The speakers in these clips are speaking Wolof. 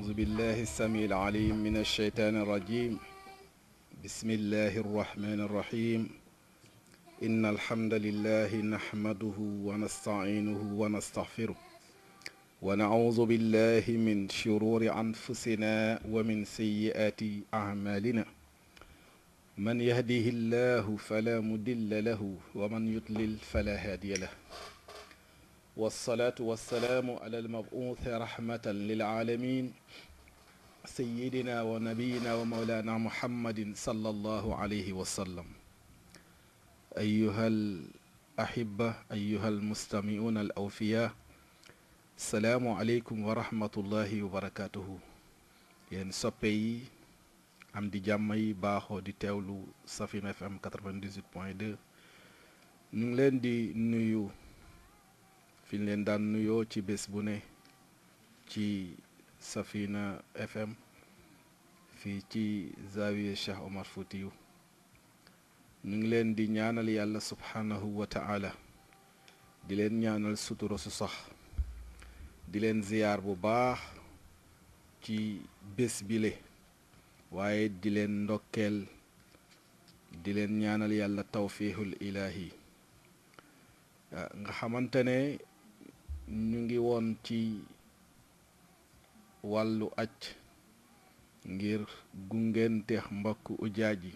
أعوذ بالله السميع العليم من الشيطان الرجيم بسم الله الرحمن الرحيم إن الحمد لله نحمده ونستعينه ونستغفره ونعوذ بالله من شرور أنفسنا ومن سيئات أعمالنا من يهده الله فلا مدل له ومن يضلل فلا هادي له والصلاة والسلام على المبعوث رحمة للعالمين سيدنا ونبينا ومولانا محمد صلى الله عليه وسلم أيها الأحبة أيها المستمعون الأوفياء السلام عليكم ورحمة الله وبركاته ين سبي أم دي di jàmm دي تولو سفين teewlu Safina FM 98 point 2 ñu ngi fi ñu leen daan nuyoo ci bés bu ne ci Safina FM fii ci Zawiya Cheikh Omar Foutiyou ñu ngi leen di ñaanal yàlla subhaanahu wa di leen ñaanal sutura su sax di leen ziyaar bu baax ci bés bile waaye di leen ndokkeel di leen ñaanal yàlla tawfiixul ilaahi nga xamante ñu ngi woon ci wàllu aj ngir gungente mbokk ujaaj yi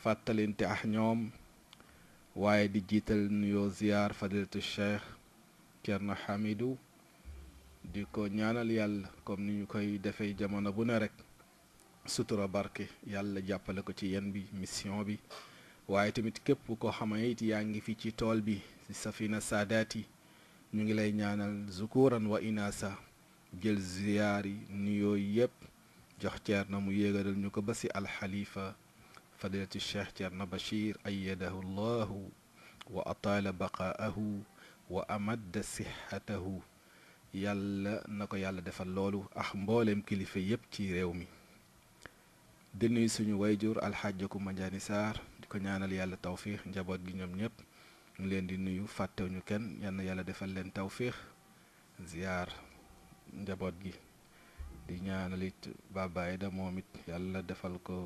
fàttalinte ak ñoom waaye di jiital nuyoo ziyaar fadilatu cheikh Thierno Hamidou di ko ñaanal yàlla comme ni ñu koy defee jamono bu ne rek sutura barke yàlla jàppale ko ci yen bi mission bi waaye tamit képp ko xama it yaa ngi fi ci tool bi ci safina saadaat yi ñu ngi lay ñaanal zukuran wa inasa jël ziyaar yi nuyoo yépp jox na mu yéegalal ñu ko ba si alxalifa fadilati cheikh ceerna bachir ayadahu llahu wa ataala baqaahu wa amadda sixatahu yàlla na ko yàlla defal loolu ak mbooleem kilifa yépp ci réew mi di nuyu suñu wayjur alxaajaku manjaani saar di ko ñaanal yàlla tawfiix njaboot gi ñoom ñépp ñu leen di nuyu fàttewuñu kenn yal yàlla defal leen tawféex ziyaar njaboot gi di ñaanal it babaay moom it yàlla defal ko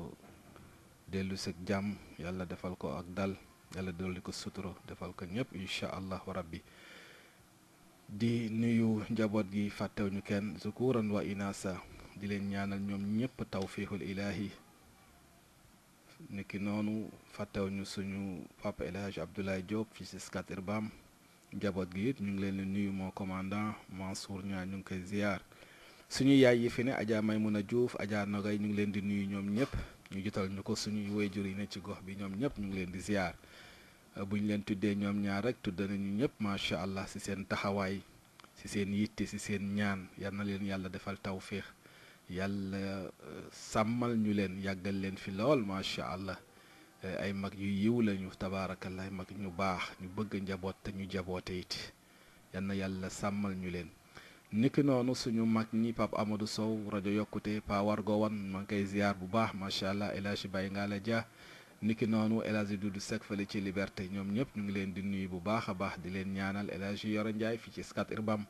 dellu sëg jàmm yàlla defal ko ak dal yàlla dolli ko sutura defal ko ñëpp incha allahu rabbi di nuyu njaboot gi fàttewuñu kenn zukuran wa inasa di leen ñaanal ñoom ñëpp tawféexul ilaahi niki noonu fàttew ñu suñu papa El Hadj Abdoulaye Diop fii si Scat Urbam jaboot gi ñu ngi leen di nuyu moo commandant Mansour ñaa ñu ngi koy ziar suñu yaay yi fi ne Adja Maymuna Diouf Adja Nogay ñu ngi leen di nuyu ñoom ñëpp ñu jotal ñu ko suñuy jur yi ne ci gox bi ñoom ñëpp ñu ngi leen di ziar bu ñu leen tuddee ñoom ñaar rek tudd nañu ñëpp macha allah si seen taxawaay si seen yitte si seen ñaan yal na leen yàlla defal tawféex yàlla eh, sàmmal ñu leen yàggal leen fi lool macha allah eh, ay mag yu yiw lañu tabaarakallah ay mag ñu baax ñu bëgg njaboot te ñu jaboote it yal yàlla sàmmal ñu leen niki noonu suñu mag ñi pap Amadou Sow rajo yokkute pa wargo wan ma ngi ziar bu baax macha allah El Hadj Baye Ngala Dia niki noonu El Hadj du Seck fële ci Liberté ñoom ñëpp ñu ngi leen di nuyu bu baax a baax di leen ñaanal El Hadj Yoro Ndiaye fii ci Scat Urbam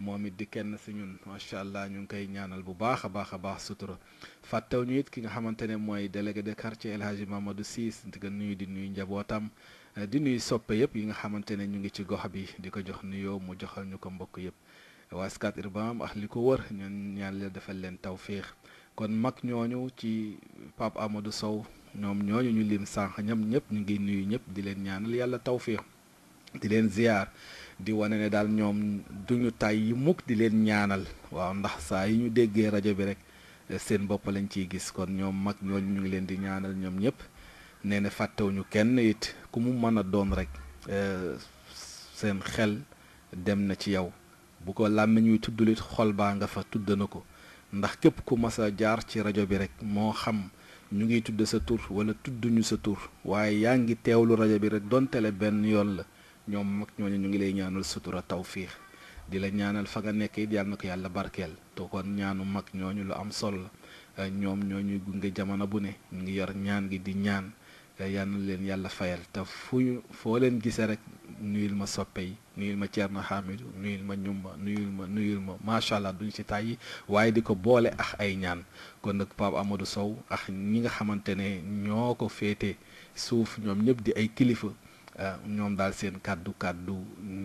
moom it di kenn si ñun macha allah ñu ngi koy ñaanal bu baax a baax a baax sutura fàttew ñu it ki nga xamante ne mooy délégué de quartier El Hadji Mamadou Sy di nuyu di nuyu njabootam eh, di nuyu soppe yëpp yi nga xamante ne ñu ngi ci gox bi di ko jox nuyoo mu joxal ñu ko mbokk yëpp waa Scat Urbam ax li ko wër ñun ñaan la defal leen tawféex kon mag ñooñu ci Pape Amadou Sow ñoom ñooñu ñu lim sànq ñoom ñëpp ñu ngi nuyu ñëpp di leen ñaanal yàlla tawféex di di wane ne daal ñoom duñu tàyyi mukk di leen ñaanal waaw ndax saa yi ñu déggee rajo bi rek seen bopp lañ ciy gis kon ñoom mag ñooñu ñu ngi leen di ñaanal ñoom ñëpp nee na fàttewuñu kenn it ku mu mën a doon rek eh, seen xel dem na ci yow bu ko làmmiñ wi tuddulit xol baa nga fa tudd na ko ndax képp ku mas a jaar ci rajo bi rek moo xam ñu ngi tudd sa tur wala tudduñu sa tur waaye yaa ngi teewlu rajo bi rek dontele benn yoon la ñoom mag ñooñu ñu ngi lay ñaanal sutura tawfiix di la ñaanal fa nga nekk it yàlla na ko yàlla barkeel te kon ñaanu mag ñooñu lu am solo la eh, ñoom ñooñu gunge jamono bu ne ñu ngi yor ñaan gi di ñaan eh, yàlla na leen yàlla fayal te fu ñu foo leen gisee rek nuyul ma soppe yi nuyul ma Thierno Hamidou nuyul ma ñumba nuyul ma nuyul ma macha allah duñ si tàyyi waaye di ko boole ak ay ñaan kon nag Pape Amadou Sow ak ñi nga xamante ne ñoo ko féete suuf ñoom ñëpp di ay kilifa. Euh, ñoom daal seen kàddu kàddu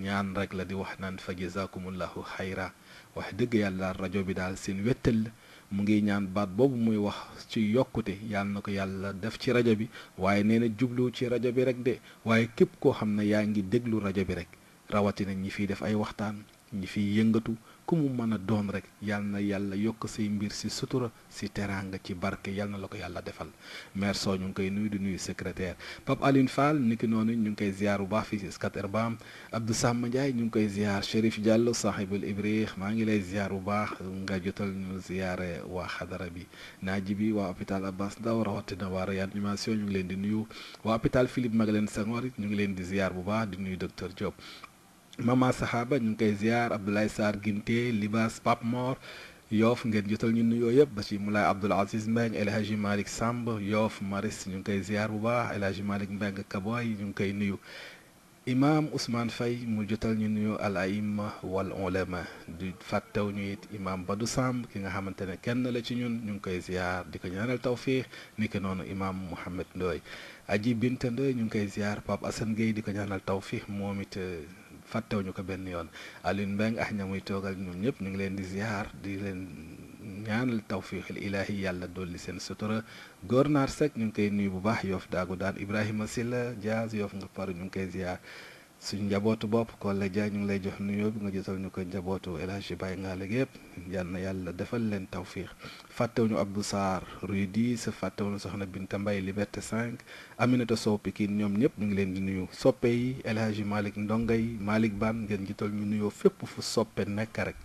ñaan rek la di wax naan fa jazakumullahu xayra wax dëgg yàlla rajo bi daal seen wettal la mu ngi ñaan baat boobu muy wax ci yokkute yàlla na ko yàlla def ci rajo bi waaye nee na jublu ci rajo bi rek de waaye képp koo xam ne yaa ngi déglu rajo bi rek rawatina ñi fiy def ay waxtaan ñi fi yëngatu ku mu mën a doon rek yal na yàlla yokk say mbir si sutura si teraanga ci barke yal na la ko yàlla defal maire Sow ñu ngi koy nuyu di nuyu secrétaire Pape Alioune Fall niki noonu ñu ngi koy ziar bu baax fii si Scat Urbam Abdou Samba ñu ngi koy ziar Chérif Diallo sahibul ibrih maa ngi lay ziar bu baax nga jotal ñu ziare waa xadara bi naaji bi waa hôpital Abbas Ndao rawatina waa réanimation ñu ngi leen di nuyu waa hôpital Philippe Maguilène Senghor ñu ngi leen di ziar bu baax di nuy docteur Diop mama sahaba ñu koy ziar Abdoulaye sar ginté Libas Pape mort yoof ngeen jotal ñu nuyo yeb ba ci Moulay Abdoul Aziz Mbeng El Hadji malik Samb yoof Maris ñu koy ziar bu baax El Hadji malik Mbeng Kaboy ñu koy nuyu imam Ousmane fay mu jotal ñu nuyo al aim wal ulama di fàttew ñu it imam Badou Samb ki nga xamantene kenn la ci ñun ñu koy ziar diko ñaanal tawfiq ni ki noonu imam mohammed ndoy aji bint ndoy ñu koy ziar pap Assane gey diko ñaanal tawfiq momit it fàttewuñu ko benn yoon Alioune Mbengue ak ña muy toogal ñoom ñëpp ñu ngi leen di ziar di leen ñaanal tawfiixil ilaahi yàlla dool li seen sutura góor naar sek ñu ngi koy nuyu bu baax yoof daagu daan Ibrahima si la Diaz yoof nga paru ñu ngi koy ziar suñ njabootu bopp Kolle Ndiaye ñu ngi lay jox nuyoo bi nga jësal ñu koy njabootu El Hadj Baye Ngale yëpp yal na yàlla defal leen tawfiix fàttewuñu Abdou Sarr Rue sa fàttewuñu Soxna Binta Mbaye Liberté 5 Aminata Sow Pikine ñoom ñëpp ñu ngi leen di nuyu soppee yi El Hadj Malick Ndongay Malick Ban ngeen jital ñu nuyoo fépp fu soppe nekk rek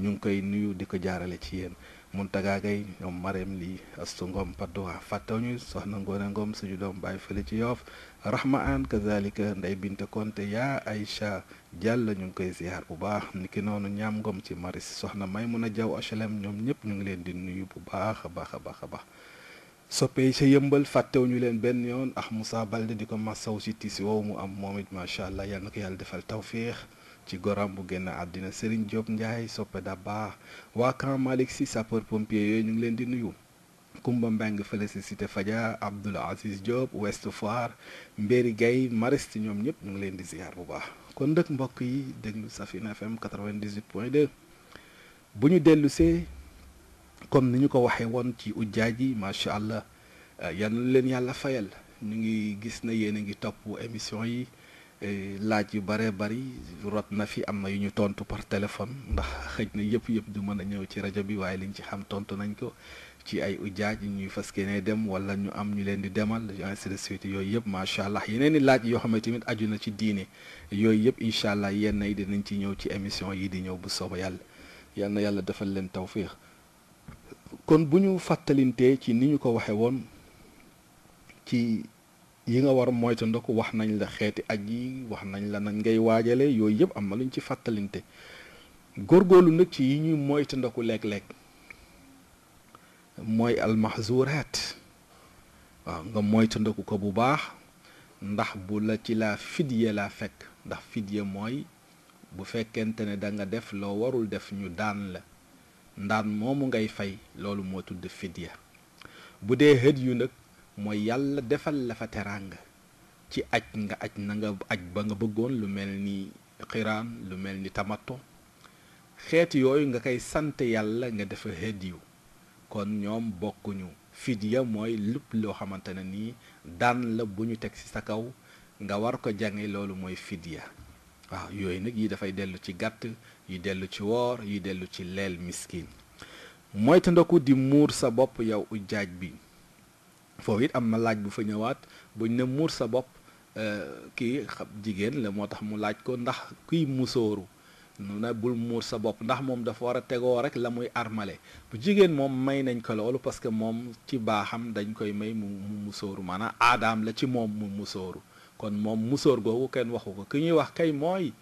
ñu ngi koy nuyu di ko jaarale ci yéen. Mountaga Gaye ñoom Marème Ly Astou Ngom Padoa fàttewuñu soxna Ngoone Ngom suñu doom bàyyi fële ci Yoof Rahma An kazalika Ndey Binte Konte yaa Aïcha Diallo ñu ngi koy ziar bu baax niki noonu ñaam ngoom ci Maris soxna may mun a Jaw HLM ñoom ñëpp ñu ngi leen di nuyu bu baax a baax a baax a baax yëmbal yi ca leen benn yoon ax Moussa Balde di ko massaw si tiis woowu mu am moom it macha allah yal na ko yàlla defal tawféex ci goram bu génn àddina Serigne Diop Ndiaye soppe da baax waa camp Malick Sy sapeur pompier yooyu ñu ngi leen di nuyu Kumba Mbeng fële si cité Fadia Abdoul Aziz Job Ouest Foire mberi Gaye Mariste ñoom ñëpp ñu ngi leen di ziar bu baax kon ndëkk mbokk yi déglu Safina FM 98.2 bu ñu dellusee comme ni ko ci ji macha allah yal na leen yàlla fayal ñu ngi gis na ngi émission yi Eh, laaj yu bare bari rot na fi am na yu ñu tontu par téléphone ndax xëj na yëpp yëpp du mën a ñëw ci rajo bi waaye liñ ci xam tontu nañ ko ci ay ujaaj yu ñuy fas yéene dem wala ñu am ñu leen di demal ainsi de suite yooyu yëpp macha allah yeneen i laaj yoo xam ne tamit aju na ci diine yooyu yëpp incha allah yenn yi ñu ci ñëw ci émission yi di ñëw bu sooba yàlla yal na yàlla defal leen tawfiix kon bu ñu fàttalintee ci ni ñu ko waxe woon ci. yi nga war mooy te wax nañ la xeeti ak yi wax nañ la nag ngay waajale yooyu yëpp am na luñ ci fàttalinte góorgóorlu nag ci yi ñuy moyta ndoku lekk-lekk mooy almahzuraat waaw nga moyta ndoku ko bu baax ndax bu la ci laa fidye laa fekk ndax fidye mooy bu fekkente ne danga def loo warul def ñu daan la ndaan moomu ngay fay loolu moo tudd fidya bu dee hët yu nag mooy yàlla defal la fa teraanga ci aj nga aj na nga aj ba nga bëggoon lu mel ni xiraan lu mel ni tamato xeet yooyu nga koy sant yàlla nga defa hediyu kon ñoom bokkuñu fidya mooy lépp loo xamante ne nii daan la bu ñu teg ci sa kaw nga war ko jange loolu mooy fidya waaw yooyu nag yi dafay dellu ci gàtt yi dellu ci woor yi dellu ci leel miskin mooy te ndoku di muur sa bopp yow jaaj bi foofu it am na laaj bu fa ñëwaat buñ ne muur sa bopp euh, kii jigéen la moo tax mu laaj ko ndax kuy musóoru nu ne bul muur sa bopp ndax moom dafa war a tegoo rek la muy armale bu jigéen moom may nañ ko loolu parce que moom ci baaxam dañ koy may mu musóoru maanaa aadaam la ci moom mu musóoru kon moom musóor googu kenn waxu ko ki ñuy wax kay mooy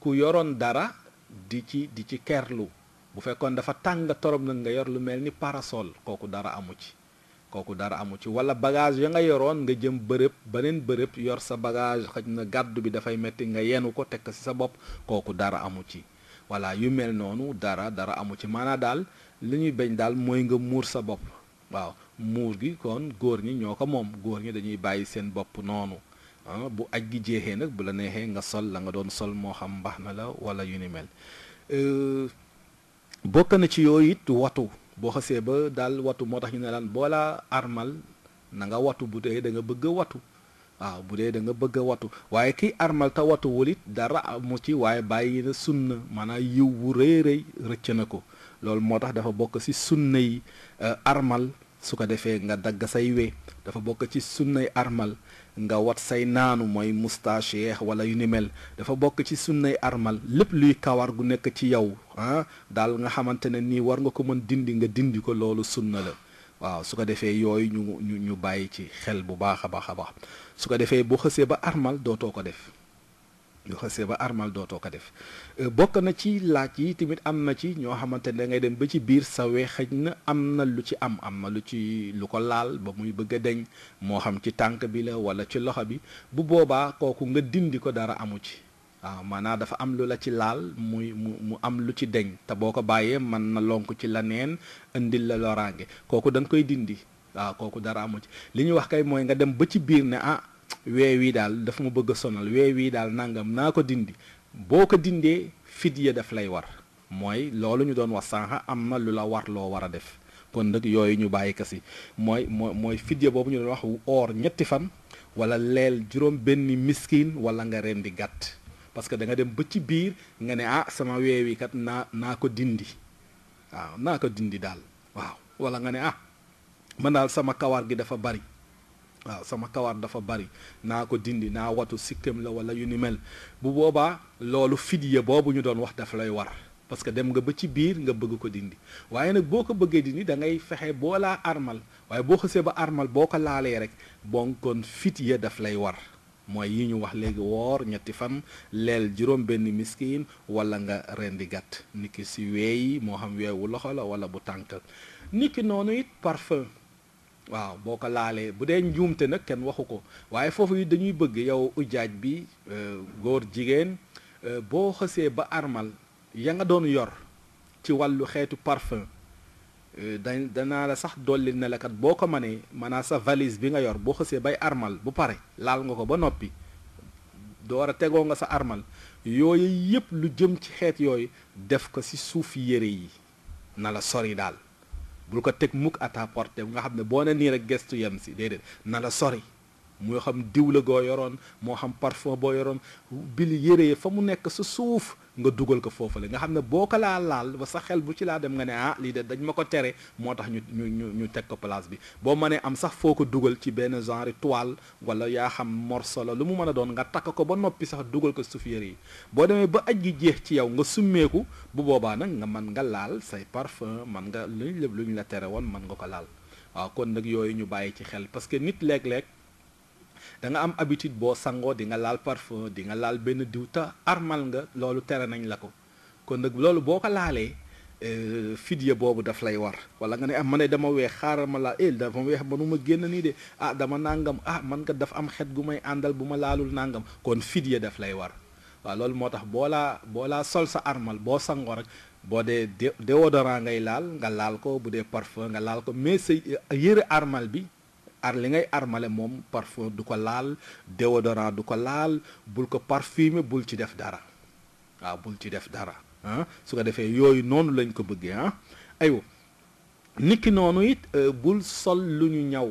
ku yoroon dara di ci di ci kerlu bu fekkoon dafa tàng torop nag nga yor lu mel ni parasol kooku dara amu ci koku dara amu ci wala bagage ya nga yoron nga jëm bërëb benen bërëb yor sa bagage xajna gaddu bi da fay metti nga yenu ko tek ci sa bop koku dara amu ci wala yu mel nonu dara dara amu ci mana dal liñuy beñ dal moy wow, nga mur sa bop waaw mur gi kon gor ñi ñoko mom gor ñi dañuy nonu, seen bop nonu ah, bu aj gi jeexee nag bu la nexé nga sol la nga doon sol mo xam baxna la wala yu ni mel euh, bokk na ci yoyit watu boo xasee ba daal watu moo tax ñu armal na nga watu bu bega da nga bëgg a watu waaw bu da nga bëgg watu armal te watu wulit dara amu ci waaye bàyyi na sunna maanaam yiw wu rëy rëy rëcc na ko dafa sunna yi eh, armal su ko defee nga dagg say we dafa bokk ci sunnay armal nga wat say naanu mooy moustache yeex wala yu ni mel dafa bokk ci sunnay armal lépp luy kawar gu nekk ci yow ah daal nga xamante ne nii war nga ko mën dindi nga dindi ko loolu sunna la waaw su ko defee yooyu ñu ñu ñu bàyyi ci xel bu baax a baax a baax su ko defee boo xësee ba armal dootoo ko def xasee ba armal dootoo ko def euh, bokk na ci laaj yi tamit am na ci ñoo xamante ne ngay dem ba ci biir sawee xëj na am na lu ci am am na lu ci lu ko laal ba muy bëgg deñ moo xam ci tànk bi la wala ci loxo bi bu boobaa kooku nga dindi ko dara amu ci waaw ah, maanaam dafa am lu la ci laal muy mu mu am lu ci deñ te boo ko bàyyee man na lonk ci la neen indil la loraange kooku danga koy dindi waaw ah, kooku dara amu ci li ñu wax kay mooy nga dem ba biir ne ah, wee wii daal dafa ma bëgg a sonal wee wii daal nangam naa ko dindi boo ko dindee fidya daf lay war mooy loolu ñu doon wax sànq am na lu la war loo war a def kon nag yooyu ñu bàyyi ko si mooy mooy mooy fidya boobu ñu doon wax oor ñetti fan wala leel juróom benn miskin wala nga rendi gàtt parce que da dem ba ci biir nga ne ah sama weewikat naa naa ko dindi waaw naa ko dindi daal waaw wala nga ne ah man daal sama kawar gi dafa bari waaw sama kawar dafa bari naa ko dindi naa watu sikkim la wala yu ni mel bu boobaa loolu fidya boobu ñu doon wax daf lay war parce que dem nga ba ci biir nga bëgg ko dindi waaye nag boo ko bëggee dindi dangay fexe boo laa armal waaye boo xësee ba armal boo ko laalee rek bon kon fidya daf lay war mooy yi ñu wax léegi woor ñetti fan leel juróom benn miskin wala nga rendi gàtt niki si weey moo xam weewu loxo la wala bu tànkal niki noonu it parfum waaw boo ko laalee bu dee njuumte nag kenn waxu ko waaye foofu yi dañuy bëgg yow ujaaj bi euh, góor jigéen euh, boo xësee ba armal ya nga doon yor ci wàllu xeetu parfum euh, da danaa la sax dolli ne la boo ko mënee maanaam sa valise bi nga yor boo xësee bay armal bu pare laal nga ko ba noppi door a tegoo nga sa armal yooyu yëpp lu jëm ci xeet yooyu def ko si suuf yére yi na la sori daal bul ko teg mukk à ta portée nga xam ne boo ne nii rek gestu yem si déedéet na la sori moo xam diw la goo yoroon moo xam parfum boo yoroon bili yére yi fa mu nekk sa suuf nga dugal ko foofu la nga xam ne boo ko laal laal ba sa xel bu ci laa dem nga ne ah lii de dañ ma ko tere moo tax ñu ñu ñu ñu teg ko place bi boo mënee am sax foo ko dugal ci benn genre toile wala yaa xam morceau la lu mu mën a doon nga takk ko ba noppi sax dugal ko suuf yére yi boo demee ba aj gi jeex ci yow nga summeeku bu boobaa nag nga mën nga laal say parfum mën nga luñ lépp luñ la tere woon mën nga ko laal waaw kon nag yooyu ñu bàyyi ci xel parce que nit léeg-léeg da am habitude boo sangoo di nga laal parfum di nga laal benn diw te armal nga loolu tere nañ la ko kon nag loolu boo ko laalee euh, fidya boobu daf lay war wala nga ne am ah, ma ne dama weex xaaral ma laa eh dama weex manuma génn nii de ah dama nàngam ah man nga dafa am xet gu may àndal bu ma laalul nàngam kon fidya daf lay war waaw loolu moo tax boo laa boo laa sol sa armal boo sangoo rek boo dee déodorant ngay laal nga laal ko bu dee parfum nga laal ko mais sa yëre armal bi ar li ngay armale moom parfum du ko laal déodorant du ko laal bul ko parfumer bul ci def dara waaw bul ci def dara ah. su ko defee yooyu noonu lañ ko bëggee ah aywa niki noonu it euh, bul sol lu ñu ñaw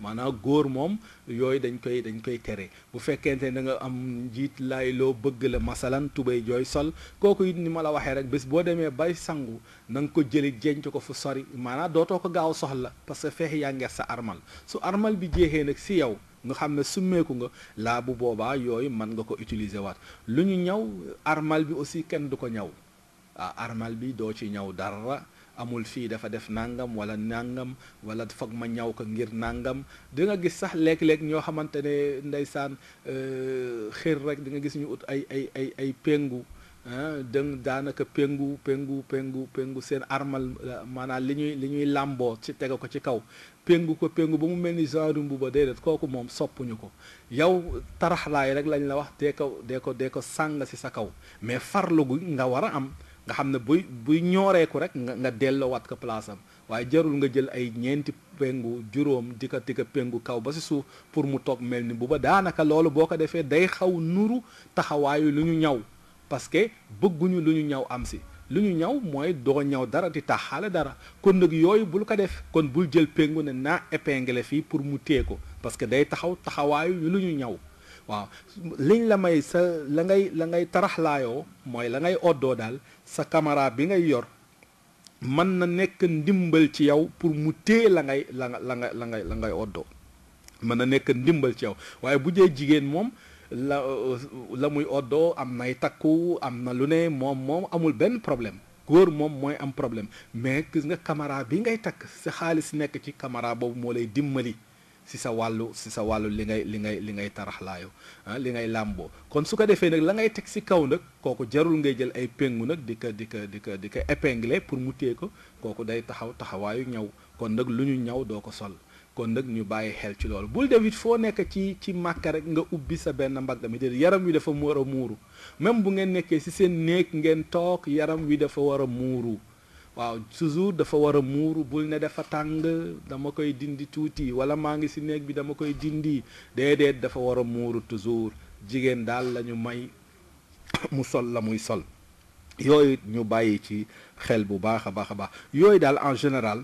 maanaam góor moom yooyu dañ koy dañ koy tere bu fekkente ne da nga am njiit laay loo bëgg la masalan tubéy jooy sol kooku it ni ma la waxee rek bés boo demee bay sangu nanga nga ko jëli jenc ko fu sori maanaam dootoo ko gaaw soxla parce que feex yaa ngees sa armal su armal bi jeexee nag si yow nga xam ne summeeku nga laa bu boobaa yooyu mën nga ko utiliser waat lu ñu ñaw armal bi aussi kenn du ko ñaw ah armal bi doo ci ñaw dara amul fii dafa def nangam wala nangam wala foog ma ñaw ko ngir nangam di gis sax léeg-léeg ñoo xamante ne ndeysaan euh, xër rek danga gis ñu ut ay ay ay ay péngu dëng daanaka péngu péngu péngu péngu seen armal maanaam li ñuy li ñuy làmboo ci tege ko ci kaw péngu ko péngu ba mu mel ni genre mbuba déedéet kooku moom soppuñu ko yow taraxlaay rek lañ la wax dee ko dee ko dee ko sàng si sa kaw mais farlu nga war a am nga xam ne buy buy ñooreeku rek nga nga delloowaat ko place am waaye jarul nga jël ay ñeenti pengu juróom di ka di ka kaw ba si suuf pour mu toog mel ni bu ba daanaka loolu boo ko defee day xaw nuru taxawaayu lu ñu ñaw parce que bëgguñu lu ñu ñaw am si lu ñu ñaw mooy doo ñaw dara di tax xale dara kon nag yooyu bul ko def kon bul jël pengu ne naa épingle fii pour mu téye ko parce que day taxaw taxawaayu lu ñu ñaw waaw liñ la may sa la ngay la ngay taraxlaayoo mooy la ngay oddoo daal sa caméra bi ngay yor mën na nekk ndimbal ci yow pour mu téye la ngay la nga la nga la ngay la ngay oddoo mën na nekk ndimbal ci yow waaye bu dee jigéen moom la la muy oddoo am nay takku am na lu ne moom moom amul benn problème góor moom mooy am problème mais gis nga caméra bi ngay takk sa xaalis nekk ci caméra boobu moo lay dimbali si sa wàllu si sa wàllu li ngay li ngay li ngay taraxlaayo ah, li ngay làmboo kon su ko defee nag la ngay teg si kaw nag kooku jarul ngay jël ay péngu nag di ko di ko di ko di ko épingler pour mu téye ko kooku day taxaw taxawaayu ñaw kon nag lu ñu ñaw doo ko sol kon nag ñu bàyyi xel ci loolu bul def it foo nekk ci ci màkka rek nga ubbi sa benn mbagg mi yaram wi dafa war a muuru même bu ngeen nekkee si seen néeg ngeen toog yaram wi dafa war a muuru waaw toujours dafa war a muuru bul ne dafa tàng dama koy dindi tuuti wala maa ngi si néeg bi dama koy dindi déedéet dafa war a muuru toujours jigéen daal la ñu may mu sol la muy sol yooyu ñu bàyyi ci xel bu baax a baax a baax yooyu daal en général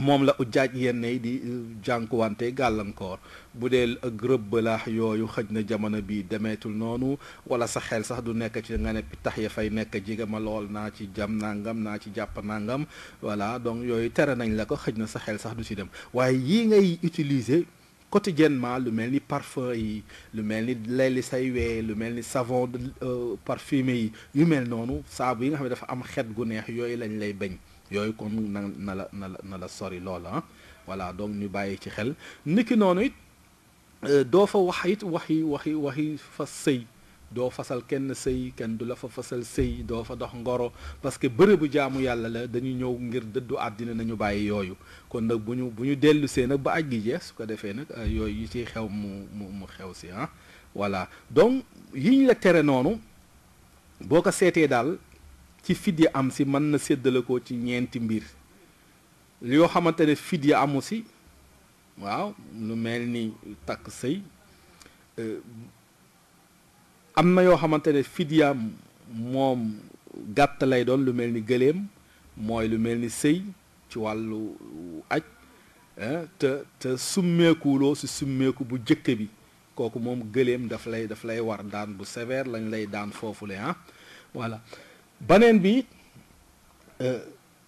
moom la ujjaaj yenn yi di euh, jànkuwante gàllankoor bu dee euh, gërëb balaax yooyu xëj na jamono bi demeetul noonu wala sa xel sax du nekk ci nga ne tax ya fay nekk jigama lool naa ci jam nangam naa ci jàpp nangam voilà donc yooyu tere nañ la ko xëj na sa xel sax du si dem waaye yii ngay utiliser quotidiennement lu mel ni parfum yi lu mel ni lelli say wee lu mel ni savon euh, parfumé yi yu mel noonu saabu yi nga xam ne dafa am xet gu neex yooyu lañ lay bañ yooyu kon na na la na la na la sori loola voilà donc ñu bàyyi ci xel niki noonu it doo fa wax it waxi waxi waxi fas sëy doo fasal kenn sëy kenn du la fa fasal sëy doo fa dox ngoro parce que bërëbu jaamu yàlla la dañu ñëw ngir dëddu àddina nañu bàyyi yooyu kon nag bu ñu bu ñu dellu see nag ba aj gi jeex su ko defee nag yooyu yi ciy xew mu mu mu xew si ah voilà donc yiñ la tere noonu boo ko seetee daal ci fit yi am si mën na séddale ci ñeenti mbir yoo xamante ne fit amu si waaw lu mel ni takk sëy eh, am na yoo xamante ne fit yaam moom gàtt lay doon lu mel ni gëléem mooy lu mel ni sëy ci wàllu aj eh, te te summeekuwuloo summeeku bu jëkk bi kooku moom gëléem daf lay daf lay war daan bu sévère lañ lay daan foofule ah voilà baneen bi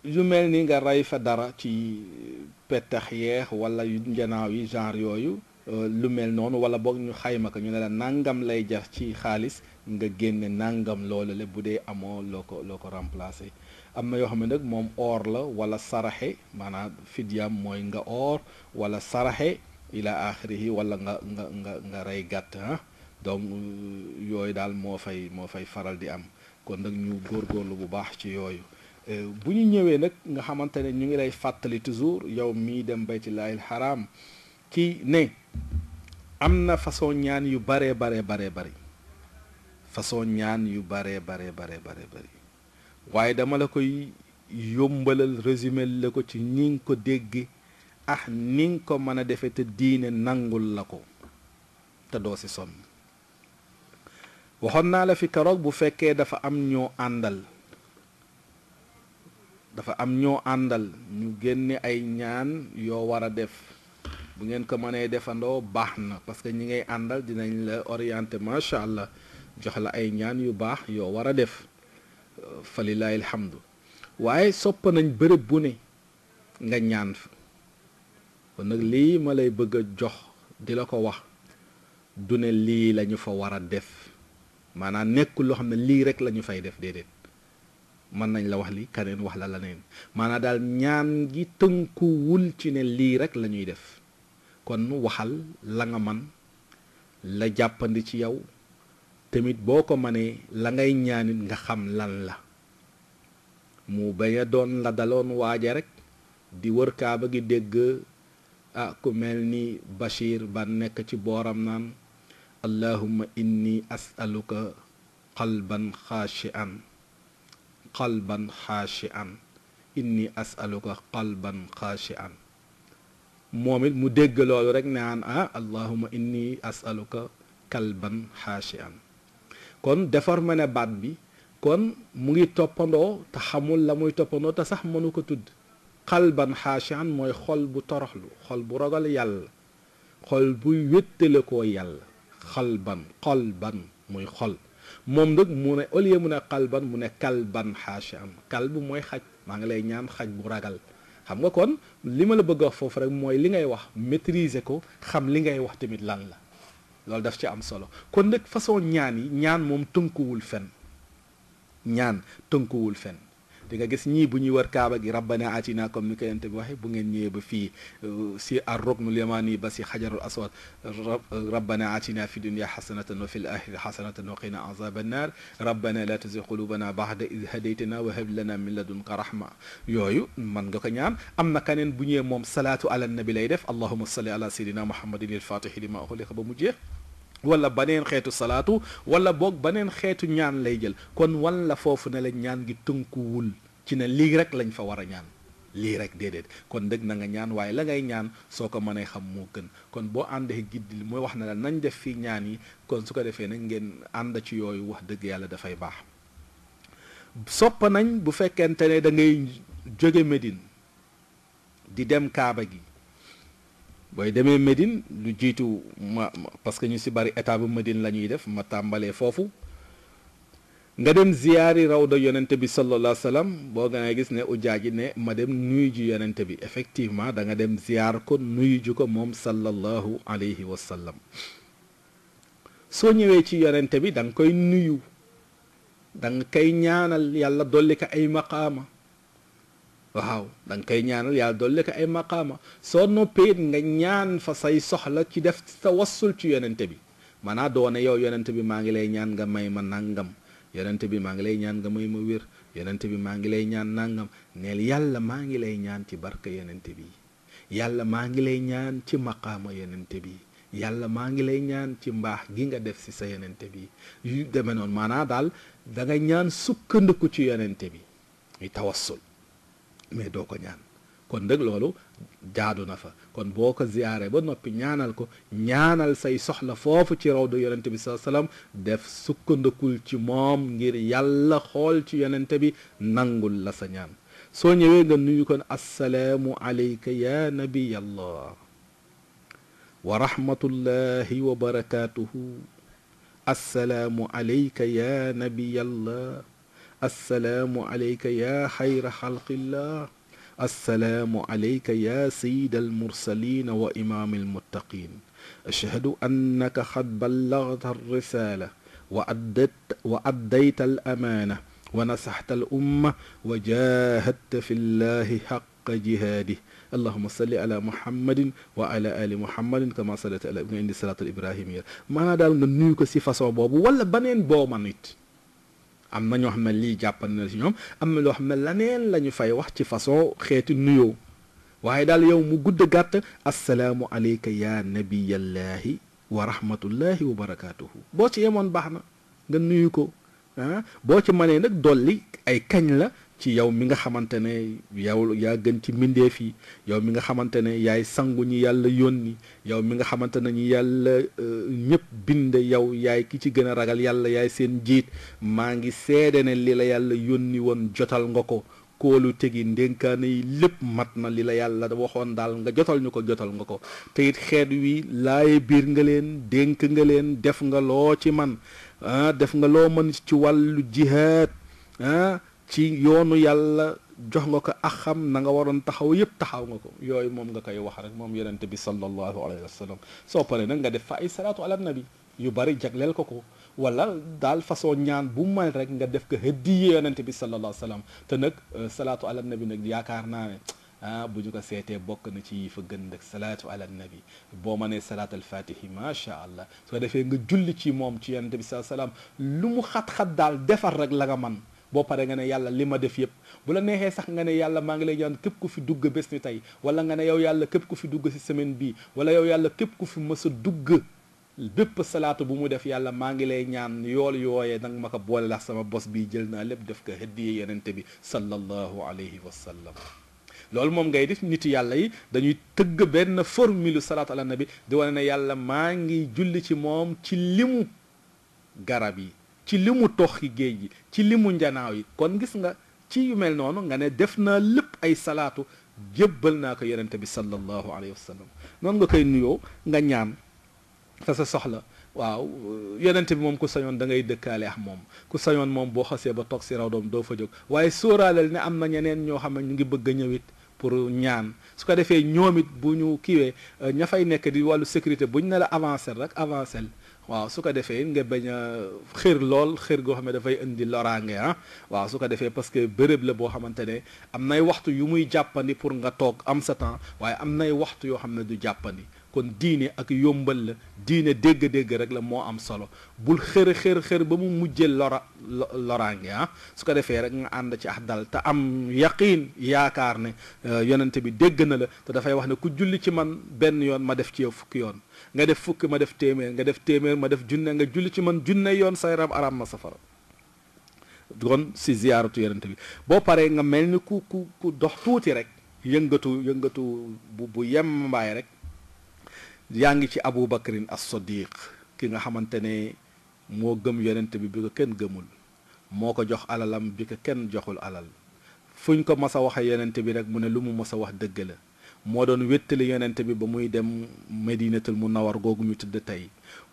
lu euh, mel ni nga rey fa dara ci pettax yeex wala njanaaw yi genre yooyu euh, lu mel noonu wala boog ñu xayma ko ñu ne la nangam lay jar ci xaalis nga génne nangam loolu la bu dee amoo loo ko loo ko remplacé am na yoo xam ne nag moom or la wala saraxe maanaam fidyam mooy nga or wala saraxe ila axirihi wala nga nga nga nga rey gàtt ah donc euh, yooyu daal moo fay moo fay faral di am kon nag ñu góor góorlu bu baax ci yooyu euh, bu ñu ñëwee nag nga xamante ne ñu ngi lay fàttali toujours yow mii dem baytilaahil xaraam ci ne am na façon ñaan yu baree baree baree bari façon ñaan yu baree baree baree baree bari waaye dama la koy yombalal résumé la ko ci ni ngi ko dégg ah ni nga ko mën a defee te diine nangul la ko te doo si sonn waxoon naa la fi keroog bu fekkee dafa am ñoo àndal dafa am ñoo àndal ñu génne ay ñaan yoo war a def bu ngeen ko mënee defandoo baax na parce que ñi ngay àndal dinañ la orienté macha allah jox la ay ñaan yu baax yoo war a def fa lilahi alhamdu waaye sopp nañ bërëb bu ne nga ñaan fa kon nag lii ma lay bëgg a jox di la ko wax du ne lii lañu fa war a def maanaam nekk loo xam ne lii rek lañu fay def déedéet mën nañ la wax li kaneen wax la la leneen maanaam daal ñaan gi tënkuwul ci ne lii rek la ñuy def kon waxal la nga man la jàppandi ci yow tamit boo ko mënee la ngay ñaanit nga xam lan la mu bañ a doon la daloon waaja rek di wër kaaba gi dégg ah ku mel ni Bachir ba nekk ci booram naan اللهم إني أسألك قلبا خاشعا قلبا خاشعا إني أسألك قلبا خاشعا moom it mu dégg loolu rek naan ah allahuma inni asaluka kalban xaashian kon déformé na baat bi kon mu ngi toppandoo te xamul la muy toppandoo te sax mënu ko tudd xalban xaashian mooy xol bu toroxlu xol bu ragal yàlla xol buy wéttale koo yàlla xal ban xalban xolban muy xol moom nag mu ne au lieu mu ne ban mu ne ban xaasi am bu mooy xaj maa ngi lay ñaan xaj bu ragal xam nga kon li ma la bëgg a wax foofu rek mooy li ngay wax maîtriser ko xam li ngay wax tamit lan la loolu daf ci am solo kon nag façon ñaan yi ñaan moom tënkuwul fen ñaan tënkuwul fen di nga gis ñii bu ñuy war kaaba gi rabbana atina comme ni ko yonent bi waxee bu ngeen ñëwee ba fii euh, si ar ruknul yamani ba si xajarul aswad rabbana atina fi dunya xasanatan wa fi l axiri xasanatan wa qina azaba annar rabbana la tuzi qulubana baxda id hadaytana wa hab lana min ladunka rahma yooyu man nga ko ñaan am na keneen bu ñëwee moom salaatu ala nabi lay def allahuma salli ala sayidina muhammadin il fatihi lima ba mu wala baneen xeetu salaatu wala boog beneen xeetu ñaan lay jël kon wan la foofu ne la ñaan ngi tënkuwul ci ne lii rek lañ fa war a ñaan lii rek déedéet kon dëgg na nga ñaan waaye la ngay ñaan soo ko mënee xam moo gën kon boo àndee giddi mooy wax na la nañ def fii ñaan yi kon su ko defee ne ngeen ànd ci yooyu wax dëgg yàlla dafay baax sopp nañ bu fekkente ne dangay jóge medin di dem Kaaba gi booy demee Médine lu jiitu ma parce que ñu si bari état bu Médine la ñuy def ma tàmbalee foofu nga dem ziyaari rawda yonente bi sallallahu alayhi boo gën a gis ne ujaaji ne ma dem nuyu ji yonente bi effectivement da nga dem ziyaar ko nuyu ko moom sallallahu alayhi wa soo ñëwee ci yonente bi danga koy nuyu da nga koy ñaanal yàlla dolli ko ay maqaama waaw da nga koy ñaanal yàlla dolli ko ay maqaama soo noppee nga ñaan fa say soxla ci def tawassul ci yonente bi maanaa doone yow yonente bi maa ngi lay ñaan nga may ma nangam yonente bi maa ngi lay ñaan nga may ma wér yonente bi maa ngi lay ñaan nangam neel yàlla maa ngi lay ñaan ci barka yonente bi yàlla maa ngi lay ñaan ci maqaama yonente bi yàlla maa ngi lay ñaan ci mbaax gi nga def si sa yonente bi yu demee noonu maanaa daal da nga ñaan sukkandiku ci yonente bi muy tawassul mais doo ko ñaan kon dëgg loolu jaadu na fa kon boo ko ziyaare ba noppi ñaanal ko ñaanal say soxla foofu ci rawdu yonente bi salaa salaam def sukkandikul ci moom ngir yàlla xool ci yonente bi nangul la sa ñaan soo ñëwee nga nuyu kon assalaamu alayka ya allah wa rahmatullahi wa barakaatuhu assalaamu alayka ya nabiyallah السلام عليك يا خير خلق الله السلام عليك يا سيد المرسلين وإمام المتقين أشهد أنك قد بلغت الرسالة وأديت, وأديت الأمانة ونصحت الأمة وجاهدت في الله حق جهاده اللهم صل على محمد وعلى آل محمد كما صليت على ابن عند صلاة الإبراهيمية ما دال كو سي فاصون بوبو ولا بنين بو نيت am na ñoo xam ne lii jàppal na si ñoom am na loo xam ne laneen la ñu fay wax ci façon xeeti nuyoo waaye daal yow mu gudd gàtt assalaamu aleyka ya nabiyallahi wa rahmatullahi wa barakaatuhu boo ci yemoon baax na nga nuyu ko ah boo ci mënee nag dolli ay kañ la ci yow mi nga xamante ne yow yaa gën ci mbindeef yi yow mi nga xamante ne yaay sangu ñi yàlla yónni yow mi nga xamante ne ñi yàlla euh, ñëpp bind yow yaay ki ci gën a ragal yàlla yaay seen jiit maa ngi seede ne li la yàlla yónni woon jotal nga ko kóolu tegi ndénkaane yi lépp mat na li la yàlla waxoon daal nga jotal ñu ko jotal nga ko te xeet wi laaye biir nga leen dénk nga leen def nga loo ci man ah, def nga loo mën ci wàllu jihaad ah, ci yoonu yàlla jox nga ko xam na nga waroon taxaw yëpp taxaw nga ko yooyu moom nga koy wax rek moom yonente bi sallallahu alayhi wa sallam soo paree nag nga def fa ay salaatu ala nabi yu bari jagleel ko ko wala daal façon ñaan bu mal rek nga def ko hëddiye yonente bi sallallahu alayhi te nag euh, salaatu ala nabi nag yaakaar naa ne ah bu ñu ko seetee bokk na ci yi fa gën nag salaatu ala nabi boo ma nee salaat al fatihi macha allah soo defee nga julli ci moom ci yonente bi sallallahu alayhi wa lu mu xat-xat daal defar rek la man bo pare nga ne yàlla lima def yëpp bu la nexé sax nga ne yàlla ma ngi lay ñaan kep ku fi dugg bés ni tay wala nga ne yow yàlla kep ku fi dugg ci semaine bi wala yow yàlla kep ku fi mësa dugg bépp salatu bu mu def yàlla ma ngi lay ñaan yool yooyee nak maka boole la sama boss bi jël na lépp def ko hëddiye yenente bi sallallahu alayhi wa sallam loolu mom ngay def nit yàlla yi dañuy teug ben formule salaatu ala nabi di wone ne yàlla ma ngi julli ci mom ci limu garab yi ci li mu toxi géej yi ci limu njanaaw yi kon gis nga ci yu mel noonu nga ne def naa lépp ay salaatu jébbal naa ko yonente bi sallallahu alayhi wa sallam noonu nga koy nuyoo nga ñaan te sa soxla waaw yonente bi moom ku sañoon da ngay dëkkaale ak moom ku sañoon moom boo xasee ba toog si raw doom doo fa jóg waaye sóoraaleel ne am na ñeneen ñoo xam ne ñu ngi bëgg a ñëwit pour ñaan su ko defee ñoom it bu ñu kiiwee ña fay nekk di wàllu sécurité bu ñu ne la avancer rek avancer waaw su ko defee nga bañ a xër lool xër goo xam ne dafay indi loraange ah waaw su ko defee parce que béréb la boo xamante ne am nay waxtu yu muy jàppandi pour nga toog am sa temps waaye am nay waxtu yoo xam ne du jàppandi kon diine ak yombal la diine dégg-dégg rek la moo am solo bul xër xër xër ba mu mujjee lora loraange ah su ko defee rek nga ànd ci ax dal te am yaqiin yaakaar ne yonente bi dégg na la te dafay wax ne ku julli ci man benn yoon ma def ci yow fukki yoon nga def fukki ma def téeméer nga def téeméer ma def junne nga julli ci man junne yoon say rab aram ma safara kon si ziyaaratu yonente bi boo paree nga mel ni ku ku ku dox tuuti rek yëngatu yëngatu bu bu yembaay rek yaa ngi ci abu bakrin as sadiq ki nga xamante ne moo gëm yenent bi bi ko kenn gëmul moo ko jox alalam bi ko kenn joxul alal fu ñu ko mas a waxe yonent bi rek mu ne lu mu mas a wax dëgg la moo doon wéttali yonent bi ba muy dem medinatul munawar googu ñu tëdd tey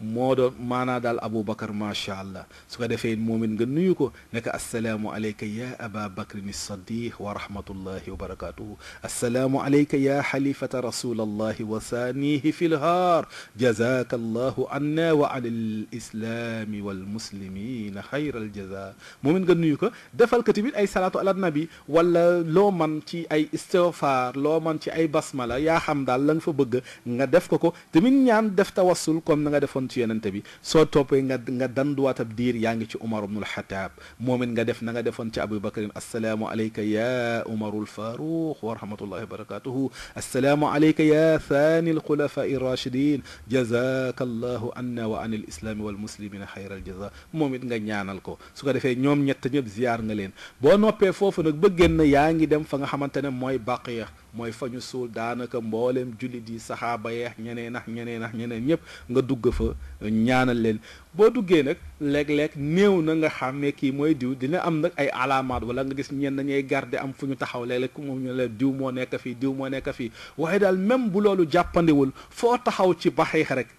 moo doon maanaa daal Aboubacar macha allah su ko defee moom it nga nuyu ko nekk assalaamu aleyka ya aba bakrin sadiq wa rahmatullahi wa barakatuhu assalaamu aleyka ya xalifata rasulallahi wa saanihi fi lhaar jazaka allahu anna wa an alislami walmuslimina xayra aljaza moom it nga nuyu ko defal ko tamit ay salaatu ala nabi wala loo man ci ay istighfar loo man ci ay basmala yaa xam daal la nga fa bëgg nga def ko ko tamit ñaan def tawassul comme na nga defoon dem ci yenente bi soo toppee nga nga danduwaat ab diir yaa ngi ci umar ibnul xataab moom it nga def na nga defoon ci abu bakrin assalaamu alayka ya umarul faruq wa rahmatullahi wa barakatuhu assalaamu alayka ya thani alxulafai rachidin jazaka allahu anna wa an al islami walmuslimina xayra aljaza moom it nga ñaanal ko su ko defee ñoom ñett ñëpp ziyaar nga leen boo noppee foofu nag bëggeen na yaa ngi dem fa nga xamante ne mooy baqiya mooy fa ñu suul daanaka mbooleem jullit yi saxaaba yeex ñeneen ak ñeneen ak ñeneen ñëpp nga dugg fa ñaanal leen boo duggee nag léeg-léeg néew na nga xàmmee kii mooy diw dina am nag ay alaamaat wala nga gis ñenn ñuy garder am fu ñu taxaw léeg-léeg ku moom ñu leen diw moo nekk fii diw moo nekk fii waaye daal même bu loolu jàppandiwul foo taxaw ci baxeex rek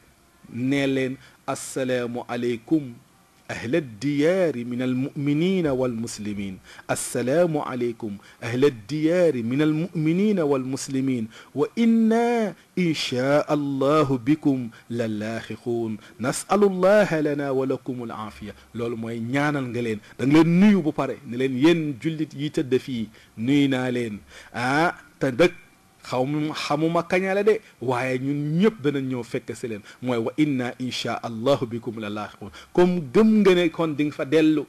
ne leen asalaamu aleykum أهل الديار من المؤمنين والمسلمين السلام عليكم أهل الديار من المؤمنين والمسلمين وإنا إن شاء الله بكم للاخخون نسأل الله لنا ولكم العافية لول موي نيانال نغلين دانغلين نيو بو باري نلين ين جوليت يي تد في نينا لين آه تدك xaw ma xamuma kaña la de waaye ñun ñëpp danañ ñëw fekk si leen mooy wa inna insha allahu bikum la laaxiqun comme gëm nga ne kon di nga fa dellu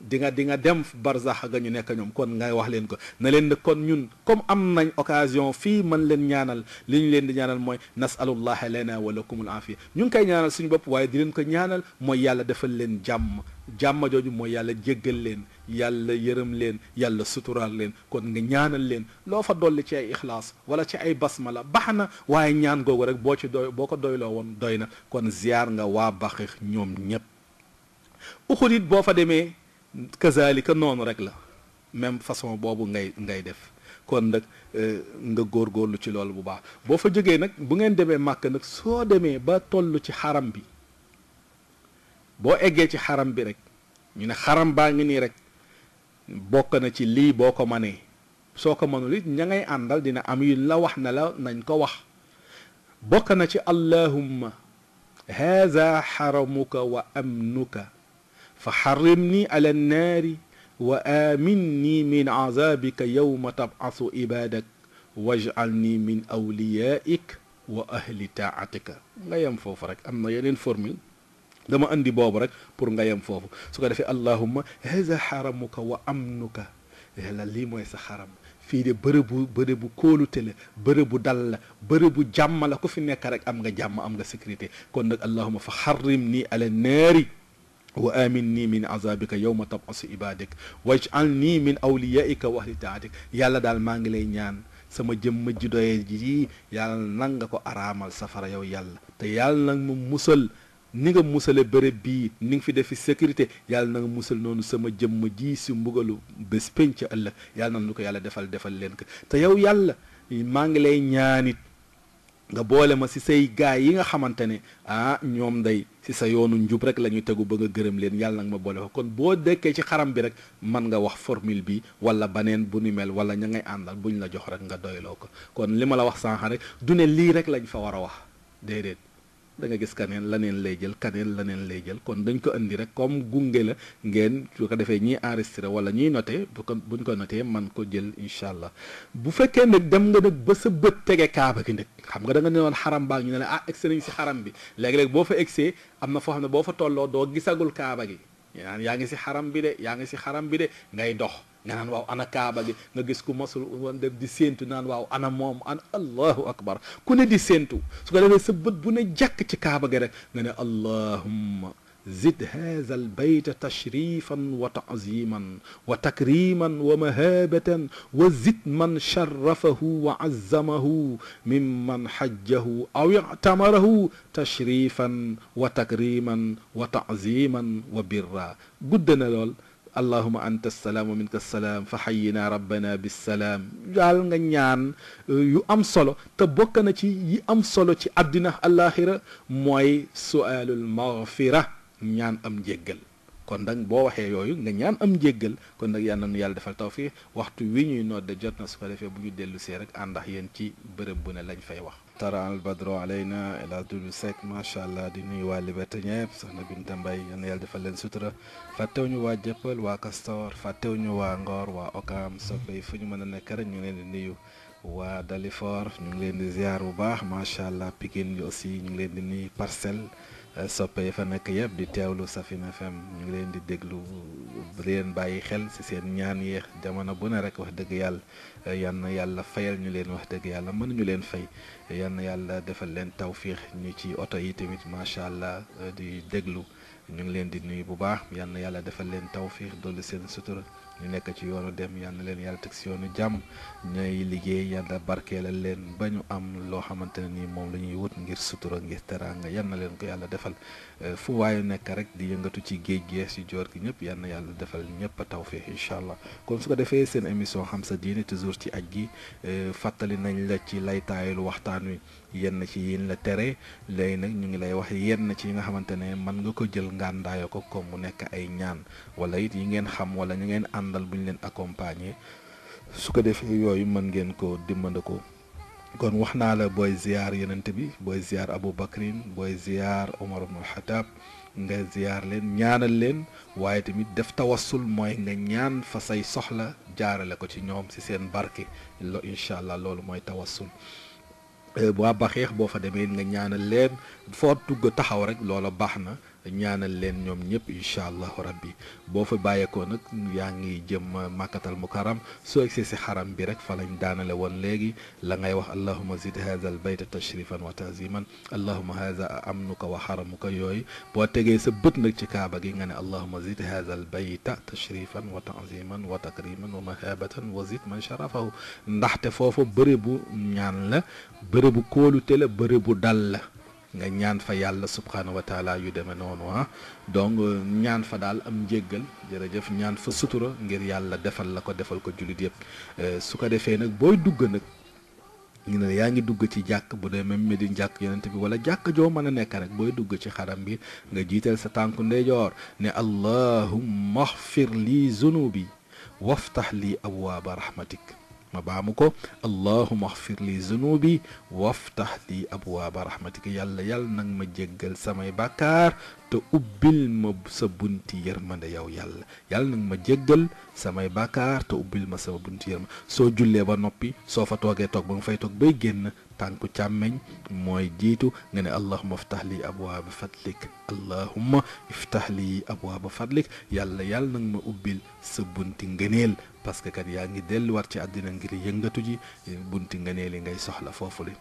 di nga di nga dem barzax ga ñu nekk ñoom kon ngay wax leen ko na leen ne kon ñun comme am nañ occasion fii man leen ñaanal li ñu leen di ñaanal mooy nasalullaha lana wa lakum al afia ñu ngi koy ñaanal suñu bopp waaye di leen ko ñaanal mooy yàlla defal leen jàmm jàmm jooju mooy yàlla jéggal leen yàlla yërëm leen yàlla suturaal leen kon nga ñaanal leen loo fa dolli ci ay ixlaas wala ci ay basmala baax na waaye ñaan googu rek boo ci doy boo ko doyloo woon doy na kon ziyaar nga waa Baxix ñoom ñépp uxut it boo fa demee kazalika noonu rek la même façon boobu ngay ngay def kon nag euh, nga góor góorlu ci loolu bu baax boo fa jógee nag bu ngeen demee màkk nag soo demee ba toll ci xaram bi boo eggee ci xaram bi rek ñu ne xaram baa ngi nii rek bokk na ci lii boo ko manee soo ko mënul it ña ngay àndal dina am yu la wax na la nañ ko wax bokk na ci allahumma haza xaramuka wa amnuka fa xarrimni ala nnaari wa aminni min azabika yowma tabasu ibadak waj'alni min awliyaik wa ahli taatika nga yem foofu rek am na yeneen formule dama andi boobu rek pour nga yem foofu su ko defee allahumma haza xaramuka wa amnuka yàlla lii mooy sa xaram fii de bërëbu bërëbu kóolute la bërëbu dal la bërëbu jàmm la ku fi nekk rek am nga jàmm am nga sécurité kon nag allahumma fa xarrim nii ala naari wa aminni min azabika yowma tabasu ibadik wajal nii min awliyaika wa ahli taatik yàlla daal maa ngi lay ñaan sama jëmm ji doye ji yàlla nag nga ko araamal safara yow yàlla te yàlla nag mu musal ni nga musale bërëb bii ni nga fi def defi sécurité yàlla na nga musal noonu sama jëmm jii si mbugalu bés penc ëllëg yàlla na nu ko yàlla defal defal leen ko te yow yàlla maa ngi lay ñaanit nga boole ma si say gaay yi nga xamante ne ah ñoom day si sa yoonu njub rek la ñu tegu ba nga gërëm leen yàlla nga ma boole ko kon boo dekkee ci xaram bi rek man nga wax formule bi wala baneen bu ni mel wala ña ngay àndal buñ la jox rek nga doyloo ko kon li ma la wax sànq rek du ne lii rek lañ fa war a wax déedéet da nga gis kanen lanen lay jël kanen lanen lay jël kon dañ ko andi rek comme gungé la ngén su ko défé ñi enregistré wala ñi noté buñ ko noté man ko jël inshallah bu féké nag dem nga nag ba sa bëtt tégué kaaba gi nag xam nga da nga néwon haram ba ñu né la ah egsi nañ si haram bi lég lég bo fa exé amna fo xamné bo fa tollo do gisagul kaaba gi ñu yaa ngi si xaram bi de yaa ngi si xaram bi de ngay dox nga naan waaw ana kaaba gi nga gis ku masul woon def di séentu naan waaw ana moom an allahu akbar ku ne di séentu su ko defee sa bët bu ne jàkk ci kaaba gi rek nga ne allahumma زد هذا البيت تشريفا وتعظيما وتكريما ومهابة وزد من شرفه وعزمه ممن حجه أو اعتمره تشريفا وتكريما وتعظيما وبرا جدنا لول اللهم أنت السلام ومنك السلام فحينا ربنا بالسلام جعل نيان يو أم صلو تبوكنا يي أم صلو تي أدنا الآخرة موي سؤال المغفرة ñaan am njéggal kon nag boo waxee yooyu nga ñaan am njéggal kon nag yal na nu yàlla defal taw tawfiix waxtu wi ñuy nodde jot na su ko defee bu ñu dellu see rek àndax yéen ci bërëb bu ne lañ fay wax tara al badro alayna El Hadj Doudou Seck macha allah di nuyu waa Liberté ñëpp soxna Binta Mbaye yal na yàlla defal leen sutura fàttewu ñu waa Jëppal waa Castor fàttewu ñu waa Ngor waa Okam soppe yi fu ñu mën a nekk rek ñu ngi leen di nuyu waa Dalifor ñu ngi leen di ziar bu baax macha allah Pikine yi aussi ñu ngi leen di nuyu parcelle soppe fa nek yeb di tewlu Safina FM ñu ngi leen di déglu bu leen bàyyi xel ci seen ñaan yéex jamono bu ne rek wax dëgg yàlla yal yàlla fayal ñu leen wax dëgg yàlla ñu leen fay yal yàlla defal leen tawfiix ñu ci oto yi tamit macha allah di déglu ñu ngi leen di nuyu bu baax yal yàlla defal leen tawfiix dolli seen sutura. ñu nekk ci yoonu dem yal na leen yàlla teg si yoonu jàmm ñooy liggéey yàlla barkeelal leen ba ñu am loo xamante ne nii moom la ñuy wut ngir sutura ngir teraanga yal na leen ko yàlla defal fu waayu nekk rek di yëngatu ci géej gee si joor gi ñëpp yal na yàlla defal ñëpp tawféex incha allah kon su ko defee seen émission xam sa diine toujours ci aj gi fàttali nañ la ci laytaayul waxtaan wi yenn ci yiñ la tere léegi nag ñu ngi lay wax yenn ci yi nga xamante ne mën nga ko jël ngàndaayoo ko comme mu nekk ay ñaan wala it yi ngeen xam wala ñu ngeen àndal bu ñu leen accompagner su ko defee yooyu mën ngeen ko dimbandiku kon wax naa la booy ziyaar yenent bi booy ziyaar Abu Bakrin booy ziyaar Omar ibn Khattab nga ziyaar leen ñaanal leen waaye tamit def tawassul mooy nga ñaan fa say soxla jaarale ko ci ñoom ci seen barke lo incha allah loolu mooy tawassul Euh, waa Baxeex boo fa demee nga ñaanal leen foo tugg taxaw rek loola baax na ñaanal leen ñoom ñëpp incha allahu rabbi boo fa bàyyeekoo nag yaa ngi jëm makatal mukaram soo egsee si xaram bi rek fa lañ daanale woon léegi la ngay wax allahuma zid hadha al bayta tashrifan wa taziman allahuma hadha amnuka wa xaramuka yooyu boo tegee sa bët nag ci kaaba gi nga ne allahuma zid hadha al bayta tashrifan wa taziman wa takriman wa mahabatan wa zid man sharafahu ndaxte foofu bëri bu ñaan la bëri bu kóolute la bëri bu dal la nga ñaan fa yàlla subhanahu wa taala yu demee noonu ah donc ñaan fa daal am njéggal jërëjëf ñaan fa sutura ngir yàlla defal la ko defal ko jullit yëpp su ko defee nag booy dugg nag ñu ne yaa ngi dugg ci jàkk bu dee même Medine jàkk yonent bi wala jàkk joo mën a nekk rek booy dugg ci xaram bi nga jiital sa tànku ndeyjoor ne allahumma axfir lii zunubi waftax lii abwaaba rahmatik مبامكو اللهم اغفر لي ذنوبي وافتح لي ابواب رحمتك يلا يلا نغ ما جيغل سماي بكار تو اوبيل ما سبونتي يرمند ياو يلا يلا نغ ما جيغل سماي بكار تو اوبيل ما سبونتي يرم سو جولي با نوبي سو فا توغي توك بان فاي توك باي ген tànku càmmeñ mooy jiitu nga ne allahuma iftah li abwaaba fadlik allahuma iftah li abwaaba fadlik yàlla yàlla nag ma ubbil sa bunti ngëneel parce que kat yaa ngi delluwaat ci àddina ngir yëngatu ji bunti ngëneel yi ngay soxla foofu li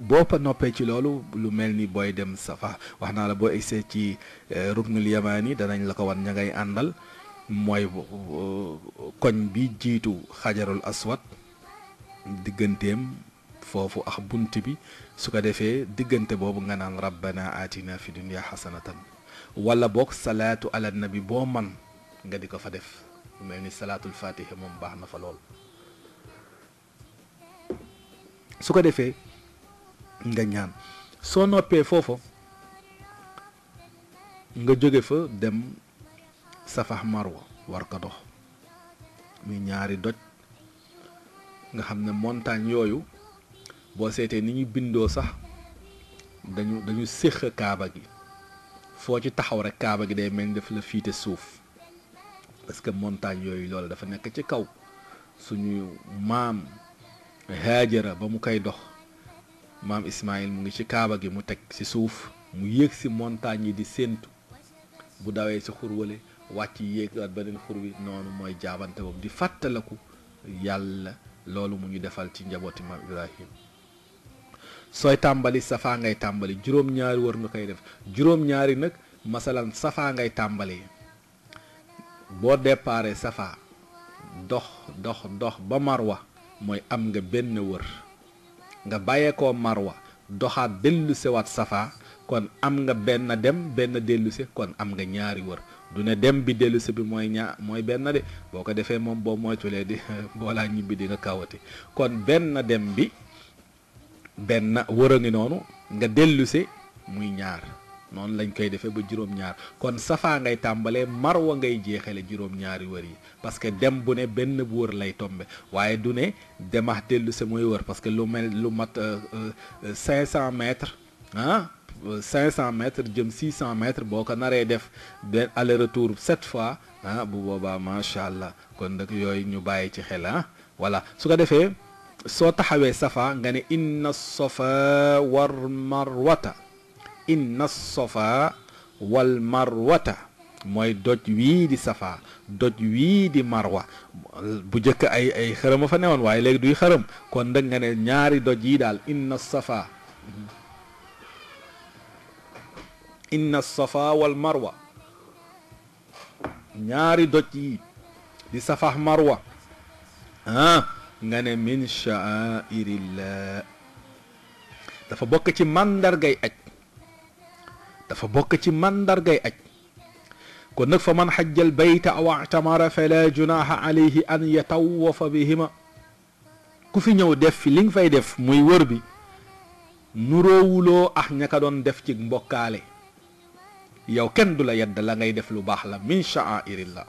boo pa noppee ci loolu lu mel ni booy dem safa wax naa la boo egsee ci eh, ruknul yamaani danañ la ko wan ña ngay àndal mooy eh, koñ bi jiitu xajarul aswad digganteem foofu ax bunt bi su ko defee diggante boobu nga naan rabbana atina fi dunia xasanatan wala boog salaatu ala bi boo man nga di ko fa def mel ni salaatul fatiha moom baax na fa lool su ko defee nga ñaan soo noppee foofa nga jóge fa dem safax marwa war ko dox muy ñaari doj nga xam ne montagne yooyu boo seetee ni ñu bindoo sax dañu dañu séq kaaba gi foo ci taxaw rek kaaba gi day mel ni daf la fiite suuf parce que montagne yooyu loolu dafa nekk ci kaw suñu maam haajara ba mu koy dox maam Ismaïl mu ngi ci kaaba gi mu teg ci suuf mu yéeg si montagne yi di séentu bu dawee si xurwale wàcc yéegaat beneen xur wi noonu mooy jaabante boobu di fàttaliku yàlla loolu mu ñu defal ci njabooti maam Ibrahim sooy tàmbali safaa ngay tàmbali juróom-ñaari war nga koy def juróom-ñaari nag masalan safaa ngay tàmbali boo déparé safaa dox dox dox ba marwa mooy am nga benn wër nga bàyyeekoo marwa doxaat dellu sewaat safaa kon am nga benn dem benn dellusi kon am nga ñaari wër du ne dem bi dellusi bi mooy ñaa mooy benn de boo ko defee moom boo moytulee di boolaa ñibbi di nga kawati kon benn dem bi ben wër ngi noonu nga dellusi muy ñaar noonu lañ koy defee ba juróom-ñaar kon safaa ngay tàmbalee marwa ngay jeexale juróom-ñaari wër yi parce que dem bu ne benn bu wër lay tombe waaye du ne demax dellusi muy wër parce que lu mel lu mat 500 euh, euh, mètres ah 500 euh, mètres jëm 600 mètres boo ko naree def de aller retour sept fois ah bu boobaa macha allah kon nag yooyu ñu bàyyi ci xel ah voilà su ko defee. soo taxawee safaa nga ne inna sofa war marwata inna sofa wal marwata mooy doj wii di safa doj wii di marwa bu njëkk ay ay xërëm a fa newoon waaye léegi duy xërëm kon nag nga ne ñaari doj yi daal inna safa inna safa wal marwa ñaari doj yi di safa marwa ah. nga ne min sha'airillah dafa bokk ci màndargay aj dafa bokk ci màndargay aj kon nag fa man xajjal bayta aw atamara fala junaha alayhi an yatawafa bihima ku fi ñëw def fi li nga fay def muy wër bi nuroowuloo ak ña ka doon def ci mbokkaale yow kenn du la yedd la ngay def lu baax la min la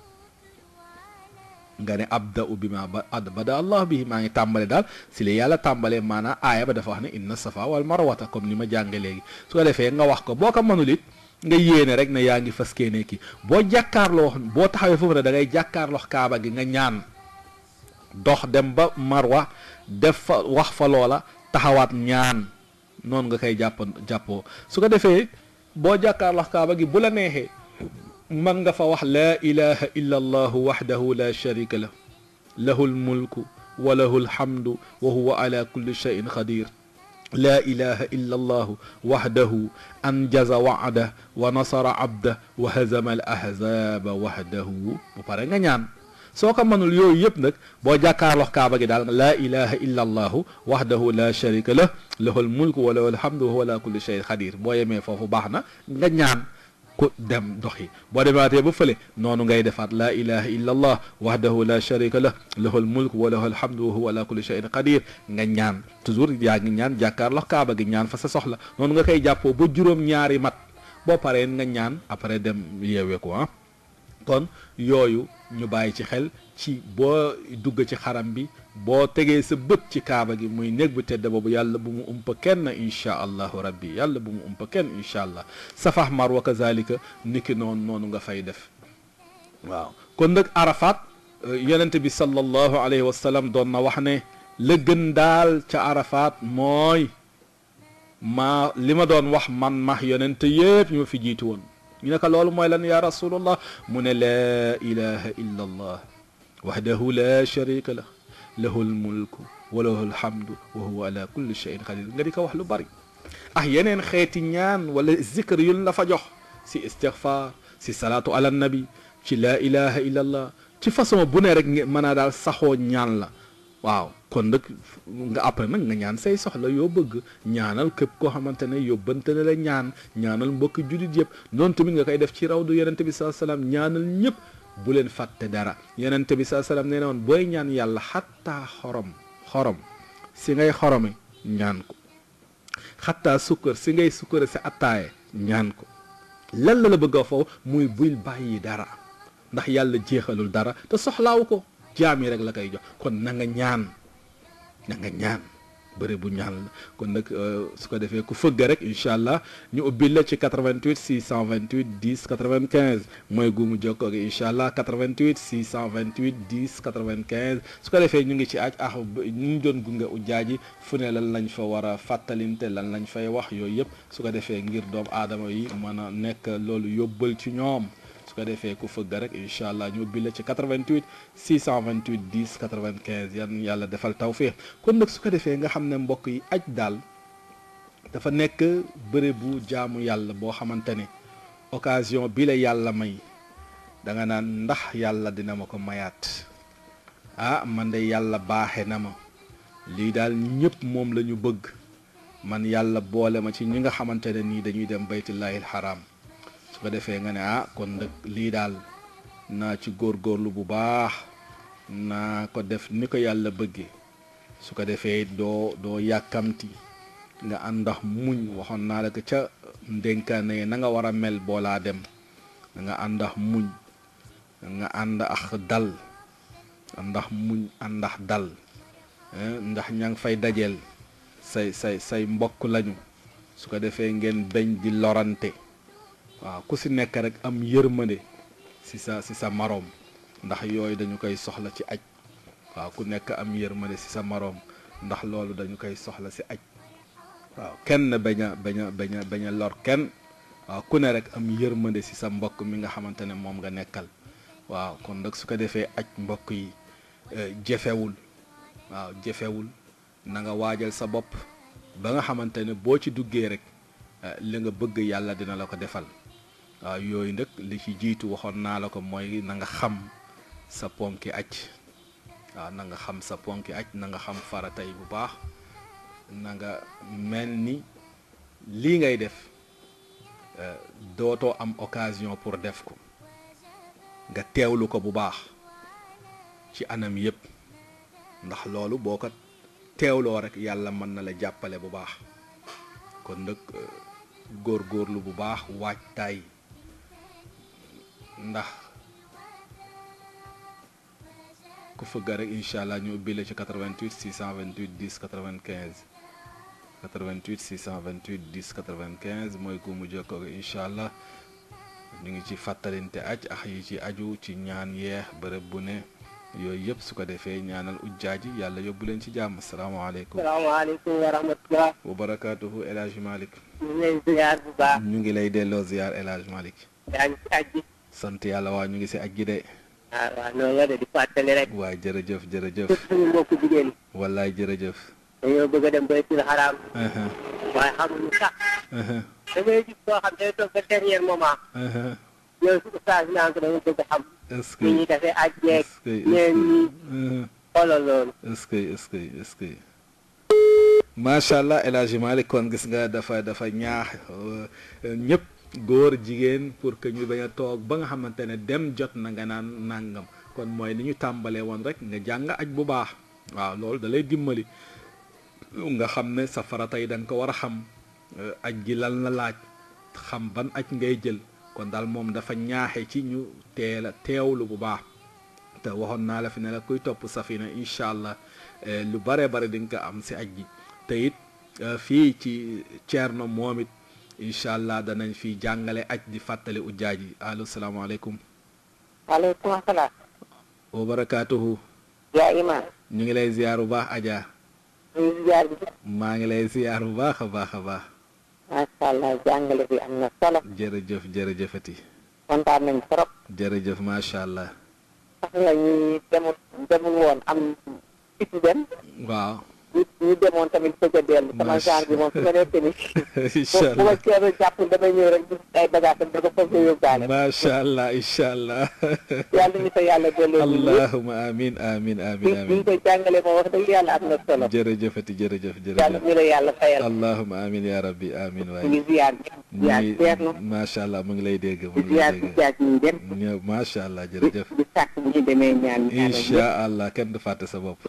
nga abda abda'u bima bada allah bihi ma ngi tambale dal sile yalla tambale mana aya ba dafa wax inna safa wal marwata comme ni ma jange léegi su ko defee nga wax ko boko manulit nga yene rek na yaangi faskene ki bo kii boo jàkkaarloo boo da ngay kaaba gi nga ñaan dox dem ba marwa def fa wax fa lola taxawat ñaan non nga kay japp jàppoo su ko defee boo kaaba gi bu la man nga لا اله الا الله وحده لا شريك له له الملك وله الحمد wa lahu alhamdu wa huwa ala لا إله إلا الله وحده أنجز وعده ونصر عبده وهزم الأحزاب وحده بفرنجا نعم soo ko mënul yooyu yëpp nag boo jàkkaarloo kaaba gi daal laa ilaha illa allahu waxdahu la sharika lah lahul mulku wa lahul hamdu wa huwa ala kulli shayin xadir boo yemee foofu baax na nga ñaan ku dem doxi boo defaatee ba fële noonu ngay defaat laa ilaha illa allah wahdahu la sharika lah lahul mulk wa lahul hamdu wa huwa ala kulli shay'in qadir nga ñaan toujours yaa ngi ñaan jàkkaarloo kaaba gi ñaan fa sa soxla noonu nga koy jàppoo ba juróom ñaari mat boo paree nga ñaan après dem yeewee ko ah kon yooyu ñu bàyyi ci xel ci boo dugg ci xaram bi boo tegee sa bët ci kaaba gi muy néeg bu tedd boobu yàlla bu mu umpa kenn insha allah rabbi yàlla bu mu umpa kenn insha allah safax mar wa kazalika niki noonu noonu nga fay def waaw kon nag arafat yonent bi sallallahu alayhi wa sallam doon na wax ne la gën daal ca arafat mooy ma li ma doon wax man max yonent yëpp ñu fi jiitu woon ñu ne ko loolu mooy lan ya rasulullah mu ne laa ilaha illa allah وحده لا شريك له له الملك وله الحمد وهو على كل شيء قدير غريك واحد باري اه يينن خيتي نيان ولا الذكر يل لا فجوخ سي استغفار سي صلاه على النبي تي لا اله الا الله تي فاسما بوني رك مانا دال ساخو نيان لا واو كون دك nga après man nga ñaan say soxla yo bëgg ñaanal kep ko xamantene yo bënt la ñaan ñaanal mbokk julit yëpp non tamit nga koy def ci rawdu yaronte bi sallallahu alayhi wasallam ñaanal ñëpp bu leen fàtte dara yonent bi saa salaam nee na booy ñaan yàlla xattaa xorom xorom si ngay xorome ñaan ko xattaa sukkar si ngay sukkar si attaaye ñaan ko lan la bëggoo bëgg a foofu muy bul bàyyi dara ndax yàlla jeexalul dara te soxlaaw ko jaam yi rek la koy jox kon na nga ñaan na nga ñaan bëri bu ñaan la kon nag euh, su ko defee ku fëgg rek incha allah ñu ubbi la ci 88 628 10 95 mooy guumu jokkoo gi incha allah 88 628 10 95 su ko defee ñu ngi ci aj ah ñu ngi doon gunge ujaaji fu ne lan lañ fa war a fàttalinte lan lañ fay wax yooyu yëpp su ko defee ngir doom aadama yi mën nekk loolu yóbbal ci ñoom ko defee ku fëgg rek incha allah ñu ubbi la ci 88 628 10 95 yan yàlla defal tawféex kon nag su ko defee nga xam ne mbokk yi aj daal dafa nekk bërëb bu jaamu yàlla boo xamante ne occasion bi la yàlla may da nga naan ndax yàlla dina ma ko mayaat ah man de yàlla baaxe na ma lii daal ñëpp moom la ñu bëgg man yàlla boole ma ci ñi nga xamante ne nii dañuy dem baytullahil xaraam su ko defee nga ne ah kon nag lii daal naa ci góorgóorlu bu baax naa ko def ni ko yàlla bëggee su ko defee doo doo yàkkamti nga àndax muñ waxoon naa la ko ca ndénkaane ya, na nga war a mel boolaa dem nga àndax muñ nga ànd ax dal ndax muñ àndax dal eh, ndax ña fay dajeel say say say mbokk lañu su ko defee ngeen beñ di lorante waaw ku si nekk rek am yërmande si sa si sa maroom ndax yooyu dañu koy soxla ci aj waaw ku nekk am yërmande si sa maroom ndax loolu dañu koy soxla si aj waaw kenn bañ a bañ a a bañ a lor kenn waaw ku ne rek am yërmande si sa mbokk mi nga xamante ne moom nga nekkal waaw kon nag su ko defee aj mbokk yi eh, jëfewul waaw jëfewul na nga waajal sa bopp ba nga xamante ne boo ci duggee rek eh, li nga bëgg yàlla dina la ko defal waaw yooyu nag li ci jiitu waxoon naa la ko mooy na nga xam sa ponki aj waaw na nga xam sa ponki aj na nga xam faratay bu baax na nga mel ni lii ngay def eh, dootoo am occasion pour def ko nga teewlu ko bu baax ci anam yépp ndax loolu boo ko teewloo rekk yàlla mën na la jàppale bu baax kon nag eh, góorgóorlu bu baax waajtaay ndax ku fëgga rek incha allah ñu ubbi la ci 88 628 10 95 88 628 10 95 mooy ku mu jokkoo incha allah ñu ngi ci fàttalinte aj ax yi ci aju ci ñaan yeex bërëb bu ne yooyu yëpp su ko defee ñaanal ujjaaji yàlla yóbbu leen ci jàmm salaamaaleykum. salaamaaleykum wa rahmatulah. El Hadj Malick. ñu ngi lay bu baax. ñu ngi lay delloo ziar El Hadj Malick. sant yàlla waaw ñu ngi si aj gi de. ah waaw noonu la de di fàttali rek. waaw jërëjëf jërëjëf. surtout suñu mbokku jigéen ñi. wallaay jërëjëf. dañoo bëgg a dem baytul xaraam. waaye xamuñu sax. da ngay gis koo xam day toog ba dernier moment. ñëw si oustaz naan ko dañoo bëgg a xam. est-ce que ñuy defee aj yeeg. ñeen ñi xoolal loolu. est-ce que est-ce que est-ce que. macha allah El Hadj Malick kon gis nga dafa dafa ñaax euh, ñëpp. góor jigéen pour que ñu bañ a toog ba nga xamante ne dem jot na nga naan nàngam kon mooy ni ñu tàmbalee woon rek nga jàng aj bu baax waaw loolu dalay lay dimbali nga xam ne safara tey yi ko war a xam aj gi lal na laaj xam ban aj ngay jël kon daal moom dafa ñaaxe ci ñu teel a teewlu bu baax te waxoon naa la fi ne la kuy topp safina incha allah eh, lu bare bare di nga ko am si aj gi te eh, fii ci na moom it incha allah danañ fi jàngale aj di fàttali ujjaaj yi allo salaamaaleykum. waaleykum salaam. wa yaa imaam. ñu ngi lay ziar bu baax Adja. maa ngi lay ziar bu baax a baax a baax. macha allah jàngale bi am na solo. jërëjëf jërëjëfati. kontaan nañ trop. jërëjëf macha allah. sax la ñuy demul demul woon am. waaw. ñu demoon tamit bëgg a dellu sama genre bi moom su ma nekkee nii. incha allah bu ma ceeb jàpp damay ñëw rek ay bagages am da ko foog nga yóbbaale. macha allah incha allah. yàlla ñu fa yàlla delloo. allahumma amiin amiin amiin amiin. ñu koy jàngalee moom wax dëgg yàlla am na solo. jërëjëfati jërëjëf jërëjëf. yàlla ñu la yàlla fayal. allahumma amiin yaa rabbi amiin waay. ñu ngi ziar ziar ziar na. macha allah mu ngi lay dégg mu ngi lay dégg. ziar ñu dem. macha allah jërëjëf. di sàkk bu ñu demee ñaan. incha allah kenn du fàtte sa bopp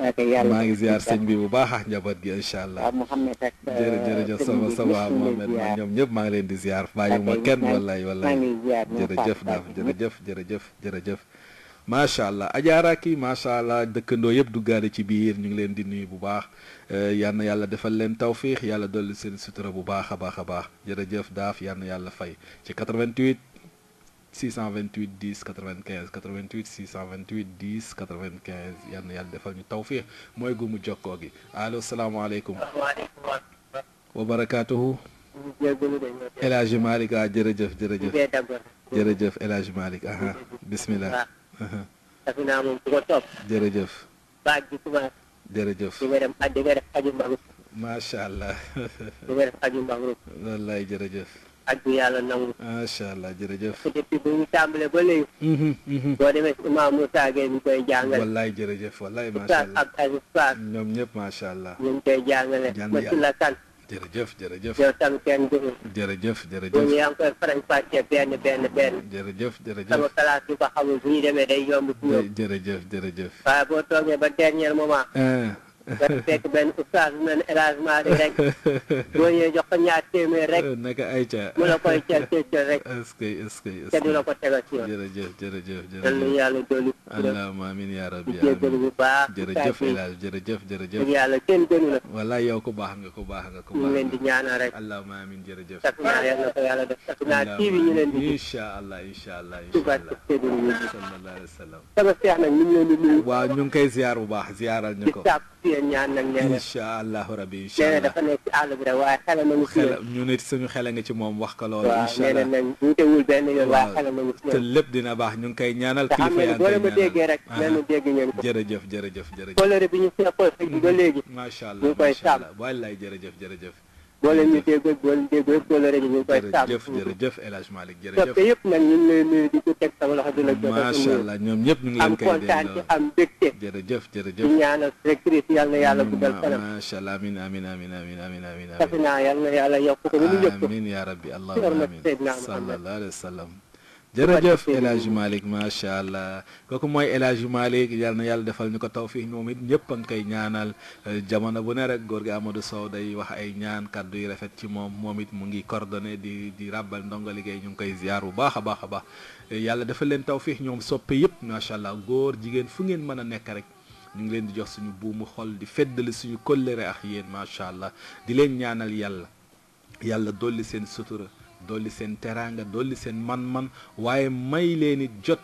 maa ngi ziar sëñ bi bu baax ak njaboot gi incha allah jërëjëf sama sama Mohamed ma ñoom ñëpp maa ngi leen di ziar bàyyi ma kenn wallaay wallaay jërëjëf naaf jërëjëf jërëjëf jërëjëf macha allah ajaaraaki macha allah dëkkandoo yëpp duggaale ci biir ñu ngi leen di nuyu bu baax eh, yan na yàlla defal leen tawfiix yàlla dolli seen sutura bu baax a baax a baax jërëjëf daaf yal na yàlla fay ci 88 628 10 95 88 628 10 95 yal na yàlla defal ñu tawfiix mooy gumu jokkoo gi allo salaamaaleykum. wa barakaatuhu. El Hadj Malick ah jërëjëf jërëjëf. jërëjëf El Hadj Malick aha bismillah. Ah. defe naa moom ku ko topp. jërëjëf. baag bi commencé. jërëjëf di nga dem di nga def aju mbaru. macha allah. di nga def aju mbaru. wallaay jërëjëf. ak bu yàlla nangu. macha allah jërëjëf. depuis tàmbalee ba léegi. Mhm, mhm. boo demee ñu koy jàngale. wallaay jërëjëf wallaay macha allah ak Aziz Fall. ñoom ñëpp macha allah. ñu ngi koy jàngale. ma ci la sant. jërëjëf jërëjëf yow tam kenn duñu. jërëjëf jërëjëf ñu jërëjëf jërëjëf sama classe bi ko xamul bu ñu day yomb. jërëjëf jërëjëf dafa fekk benn oustaz bu mel ne élagement bi rek boo ñëwee jox ko ñaar téeméer rek. naka ay ca mu la koy cel cel rek. est-ce que est-ce que te du la ko tegal ci yoon. jërëjëf jërëjëf jërëjëf yal nañu yàlla dolli. allahumma amiin yaa rabbi jéggalu bu baax. jërëjëf élage jërëjëf jërëjëf. yàlla kenn gënu la. walaay yow ko baax nga ko baax nga ko baax. ñu leen di ñaanal rek. allahumma amiin jërëjëf. Safina yal na ko yàlla def Safina TV ñu leen di. incha allah incha allah incha allah. sallallahu alayhi wa sallam. sama seex nag ñu ngi leen di nuyu. waaw ñu ngi koy ziar bu baax ziaral ñu ko yéen ñaan nag nee na incha allahu rabi incha allah nee àll bi rek waaye xel nañu ci yéen ñu ne suñu xel nga ci moom wax ko loolu incha allah waaw nee na nag ñu teewul lépp dina baax ñu ngi koy ñaanal kilifa yaa ngi koy ma déggee rek leen dégg ngeen jërëjëf jërëjëf jërëjëf colère bi ñu seqoo ba léegi macha allah ñu koy sàmm wallaay jërëjëf jërëjëf boo leen ñu déggoo boo leen déggoo kóolóore bi ñu ngi koy. sàmm jërëjëf jërëjëf El Hadj Malick jërëjëf soppe yëpp nag ñu ngi lay nuyu di ko teg sama loxo di la jox. macha allah ñoom ñëpp ñu ngi leen koy am kontaan ci am mbégte. jërëjëf jërëjëf di ñaanal recrute yal na yàlla mm, guddal kanam. macha allah amiin amiin amiin amiin amiin amiin. defe naa yal na yàlla yokk ko ba mu yëg ko. amiin yaa rabbi allahumma amiin sallallahu alayhi wa sallam jërëjëf elage malik Malick macha allah kooku mooy elage malik Malick na yàlla defal ñu ko taw fii moom it ñëpp a ngi koy ñaanal jamono bu ne rek góor gi Amadou Sow day wax ay ñaan kàddu yu rafet ci moom moom it mu ngi coordonné di di ràbbal ndongo liggéey ñu ngi koy ziar bu baax a baax a baax yàlla defal leen taw fii ñoom soppe yëpp macha allah góor jigéen fu ngeen mën a nekk rek. ñu ngi leen di jox suñu buumu xol di feddali suñu kóllëre ak yéen macha allah di leen ñaanal yàlla yàlla dolli seen sutura. dolli seen teraanga dolli seen man-man waaye may leen it jot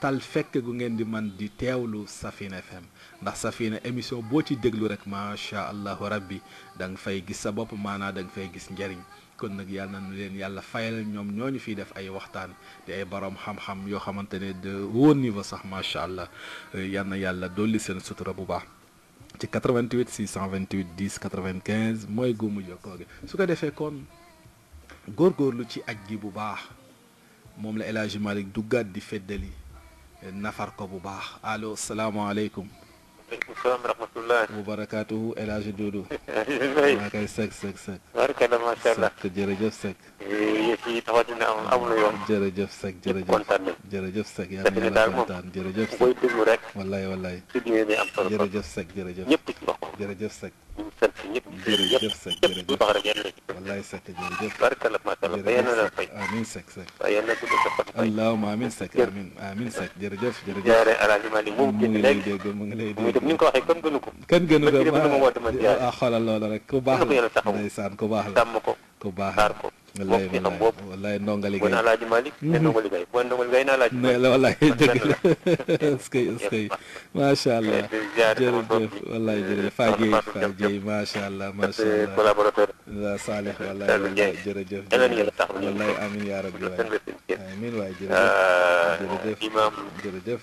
tal fekk gu ngeen di man di teewlu Safina FM ndax Safina émission boo ci déglu rek macha allahu rabbi da nga fay gis sa bopp maanaa da nga fay gis njariñ kon nag yàlla na leen yàlla fayal ñoom ñoo ñu fiy def ay waxtaan di ay borom xam-xam yoo xamante ne de haut niveau sax macha allah yal na yàlla dolli seen sutura bu baax. ci 88 628 10 95 mooy guumu jokkoo gi su ko defee kon. góorgóorlu ci aj gi bu baax moom la El Hadji Malick duggaat di feddali nafar ko bu baax allo salaamaaleykum aleykum salaam rahmatullah wa barakaatuhu El Hadj Doudou maa koy sëg sëg sëg barkala macha allah sëg jërëjëf sëg eh, yëf yi taxaw dina am amul yoon jërëjëf sëg jërëjëf kontaan na jërëjëf sëg yàlla na yàlla kontaan jërëjëf sëg koy déglu rek wallaay wallaay suñu am solo jërëjëf sëg jërëjëf ñëpp ci wax jërëjëf sëg sant ñëpp jërëjëf sëg jërëjëf wax rek yàlla wallaay sëg jërëjëf barkala macha allah ba yàlla la fay amiin sëg sëg yàlla tudd sa fat allahumma amiin sëg amiin amiin sëg jërëjëf jërëjëf jaare alaaji Mali mu ngi lay dégg mu ngi lay dégg ñu ngi ko waxee kenn gënu ko. kenn gënu ko ma ma woote ma. ah xoolal loolu rek ku baax la ndeysaan ku baax la. sàmm ko aar ko wallahi wallahi wallahi ndonga liggéey wona alaaji malik te ndonga liggéey bon ndonga liggéey na alaaji malik wallahi dëgg la eskay eskay masha allah jërëjëf wallahi jërëjëf faagey faagey masha allah masha allah collaborateur la salih wallahi wallahi jërëjëf wallahi amin ya rabbi waay amin waay jërëjëf imam jërëjëf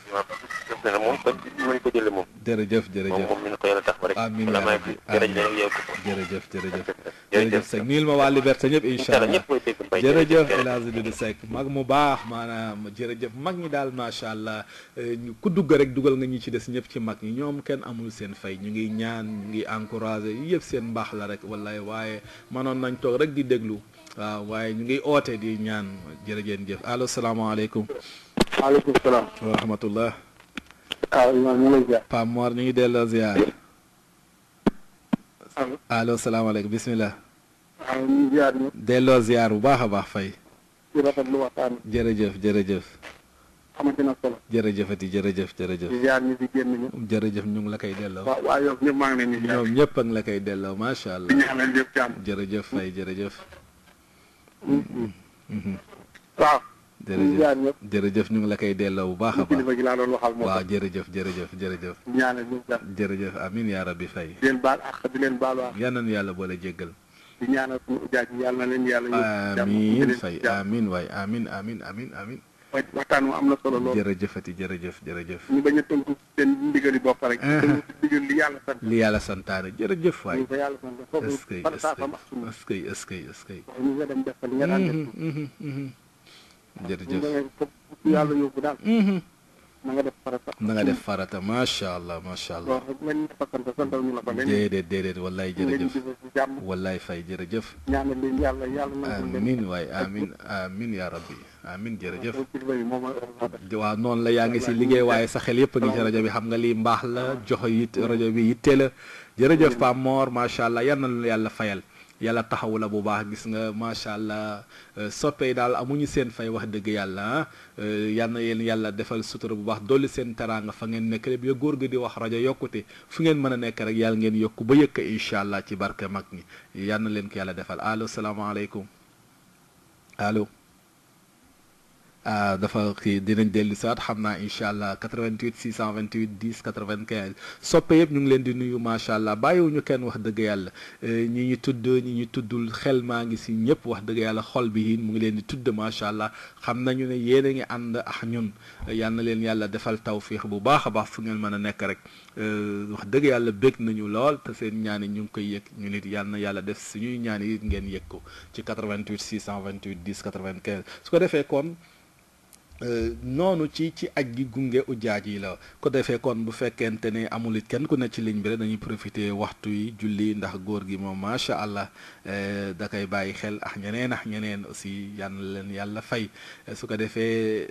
moom ko mën ko jële moom jërëjëf jërëjëf moom min ko yàlla tax rek amin jërëjëf jërëjëf jërëjëf jërëjëf sëñ niil ma waa liberté ñëpp inshallah jërëjëf El Hadj Doudou Seck mag mu baax maanaam jërëjëf mag ñi daal macha allah euh, ñu ku dugg rek dugal nga ñu ci des ñëpp ci mag ñi ñoom kenn amul seen fay ñu ngi ñaan ñu ngi encouragé yëpp seen mbaax la rek wallaay waaye manoon nañ toog rek di déglu waaw waaye ñu ngi oote di ñaan jërëjeen jëf allo salaamaaleykum. maaleykum salaam. wa ah, ñu ngi lay ziar. Pape Mor ñu ngi allo salaamaaleykum bisimilah. waaw ñu delloo ziar bu baax a baax fay. di rafetlu waxtaan bi. jërëjëf jërëjëf. xamante na solo. jërëjëfati jërëjëf jërëjëf. di ziar ñu di ngi la koy delloo. waaw waaw maa ngi leen di. ñoom ñëpp a ngi la koy delloo macha allah. ñaanal ñëpp jàmm. jërëjëf fay jërëjëf. Mm-hmm. waaw. jërëjëf jërëjëf ñu ngi la koy delloo bu baax a baax kilifa gi laa doon waxal waaw jërëjëf jërëjëf jërëjëf jërëjëf amin yaa rabbi fay di leen baal ak di leen baalu ak yal nañu di ñaanal suñu ujaaj yi yàlla na leen yàlla yóbbu amiin fay amiin waay amiin amiin amiin amiin waxtaan wu am na solo lool jërëjëfati jërëjëf jërëjëf ñu bañ a tënku seen ndigali bopp rek ah. tënku ndigal li yàlla sant li yàlla santaane jërëjëf waay ko yàlla sant foofu par saafam ak suñu est-ce que est-ce que est-ce na nga def farata na nga allah farata macha allah macha allah déedéet déedéet wallaay jërëjëf wallaay fay jërëjëf ñaanal leen yàlla yàlla amin waay amin amin ya rabbi amin jërëjëf waaw noonu la yaa ngi si liggéey waaye sa xel yëpp a ngi ci rajo bi xam nga lii mbaax la joxe it rajo bi yitte la jërëjëf Pape Mor macha allah yal na yàlla fayal yàlla taxawu la bu baax gis nga macha allah euh, soppe yi daal amuñu seen fay wax dëgg yàlla euh, yal na yéen yàlla defal sutura bu baax dolli seen teraanga fa ngeen nekk rek ya góor gi di wax rajo yokkute fu ngeen mën a nekk rek yàlla ngeen yokku ba yëkk incha allah ci barke mag ñi yal na leen ko yàlla defal allo salaamaaleykum allo. آه، دفع دين دين لسات حمنا إن شاء الله 88-628-10-95 سوپيب نيوم لين دينيو ما شاء الله بايو نيو كان واحد دقيال آه، نيو تدو نيو تدو الخل ما نيسي نيب واحد دقيال خل بيهين مو لين تدو ما شاء الله حمنا نيو نيو عند أحنيون آه، يان لين يالا دفع التوفيق بباخ بافنين المانا نكرك واحد دقيال بيك نيو لول تسين نياني نيو كي يك نيو نيو يان يالا دف سنيو نياني نيو نيو يكو 88-628-10-95 سكو دفع كون Euh, noonu ci ci aj gi gunge ujaaj yi la ko defee kon bu fekkente ne amul it kenn ku ne ci ligne bi rek dañuy profité waxtu yi julli ndax góor gi moom macha allah euh, da koy bàyyi xel ak ñeneen ak ñeneen aussi yan leen yàlla fay euh, su ko defee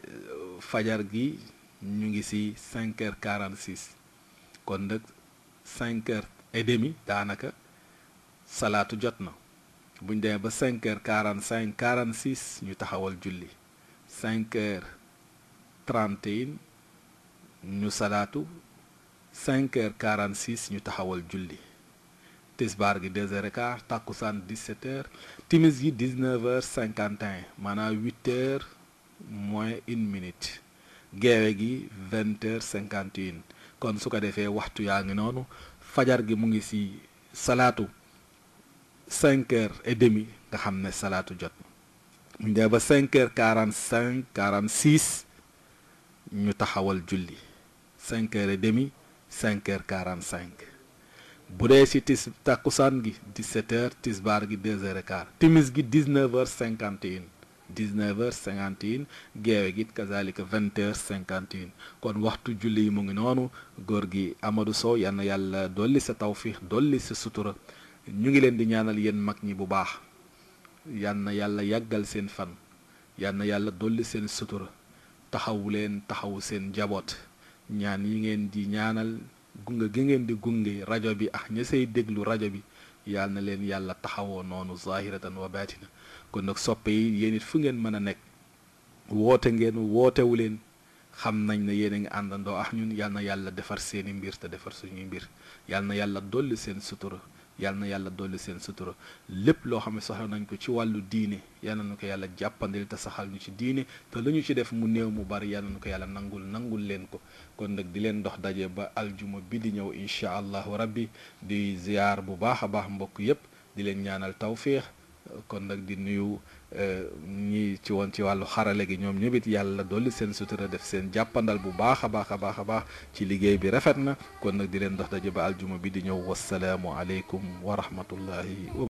fajar gi ñu ngi si 5 heures 46 kon nag 5 heures et daanaka salaatu jot na buñ demee ba 5 cinq quarante 46 ñu taxawal julli 5 heures. 31 ñu salatou 5 h 46 Nous taxawal julli tisbaar gi 2 h et quart 17 h timis 19 h 51 mana 8 h moins une minute geewe 20 h 51 kon su ko defee waxtu yaa ngi fajar gi mu ngi ci 5 h et demi nga xamné salatu 5 h 45 46 ñu taxawal julli cinq heures et demi cinq quarante cinq bu dee ci tis takkusaan gi dix-sept heures tisbaar gi deux heures et timis gi dix-neuf heures cinquante et une dix-neuf heures cinquante et gi kazalika vingt heures cinquante et kon waxtu julli yi mu ngi noonu góor gi amadu Sow yal yàlla dolli sa tawfiix dolli sa sutura ñu ngi leen di ñaanal yéen mag ñi bu baax yal na yàlla yàggal seen fan yal na yàlla dolli seen sutura taxawu leen taxawu seen njaboot ñaan yi ngeen di ñaanal gunge gi ngeen di gunge rajo bi ak ña say déglu rajo bi yàlla na leen yàlla taxawoo noonu zahiratan wa baatina kon nag soppe yi yéen it fu ngeen mën a nekk woote ngeen wootewu leen xam nañ ne yéen a ngi àndandoo ak ñun yàlla na yàlla defar seeni mbir te defar suñuy mbir yàlla na yàlla dolli seen sutura yal na yàlla dolli seen sutura lépp loo xam ne soxla nañ ko ci wàllu diini yal nu ko yàlla jàppandil te saxal ñu ci diini te lu ñu ci def mu néew mu bari yal nu ko yàlla nangul nangul leen ko kon nag di leen dox daje ba aljuma bi di ñëw incha allahu rabbi di ziyaar bu baax a baax mbokk yépp di leen ñaanal tawfiix kon nag di nuyu Euh, ñi ci woon ci wàllu xarale gi ñoom ñëpp it yàlla dolli seen sutura def seen jàppandal bu baax a baax a baax a baax ci liggéey bi rafet na kon nag di leen dox daje ba aljuma bi di ñëw wasalaamu aleykum wa rahmatullahi wa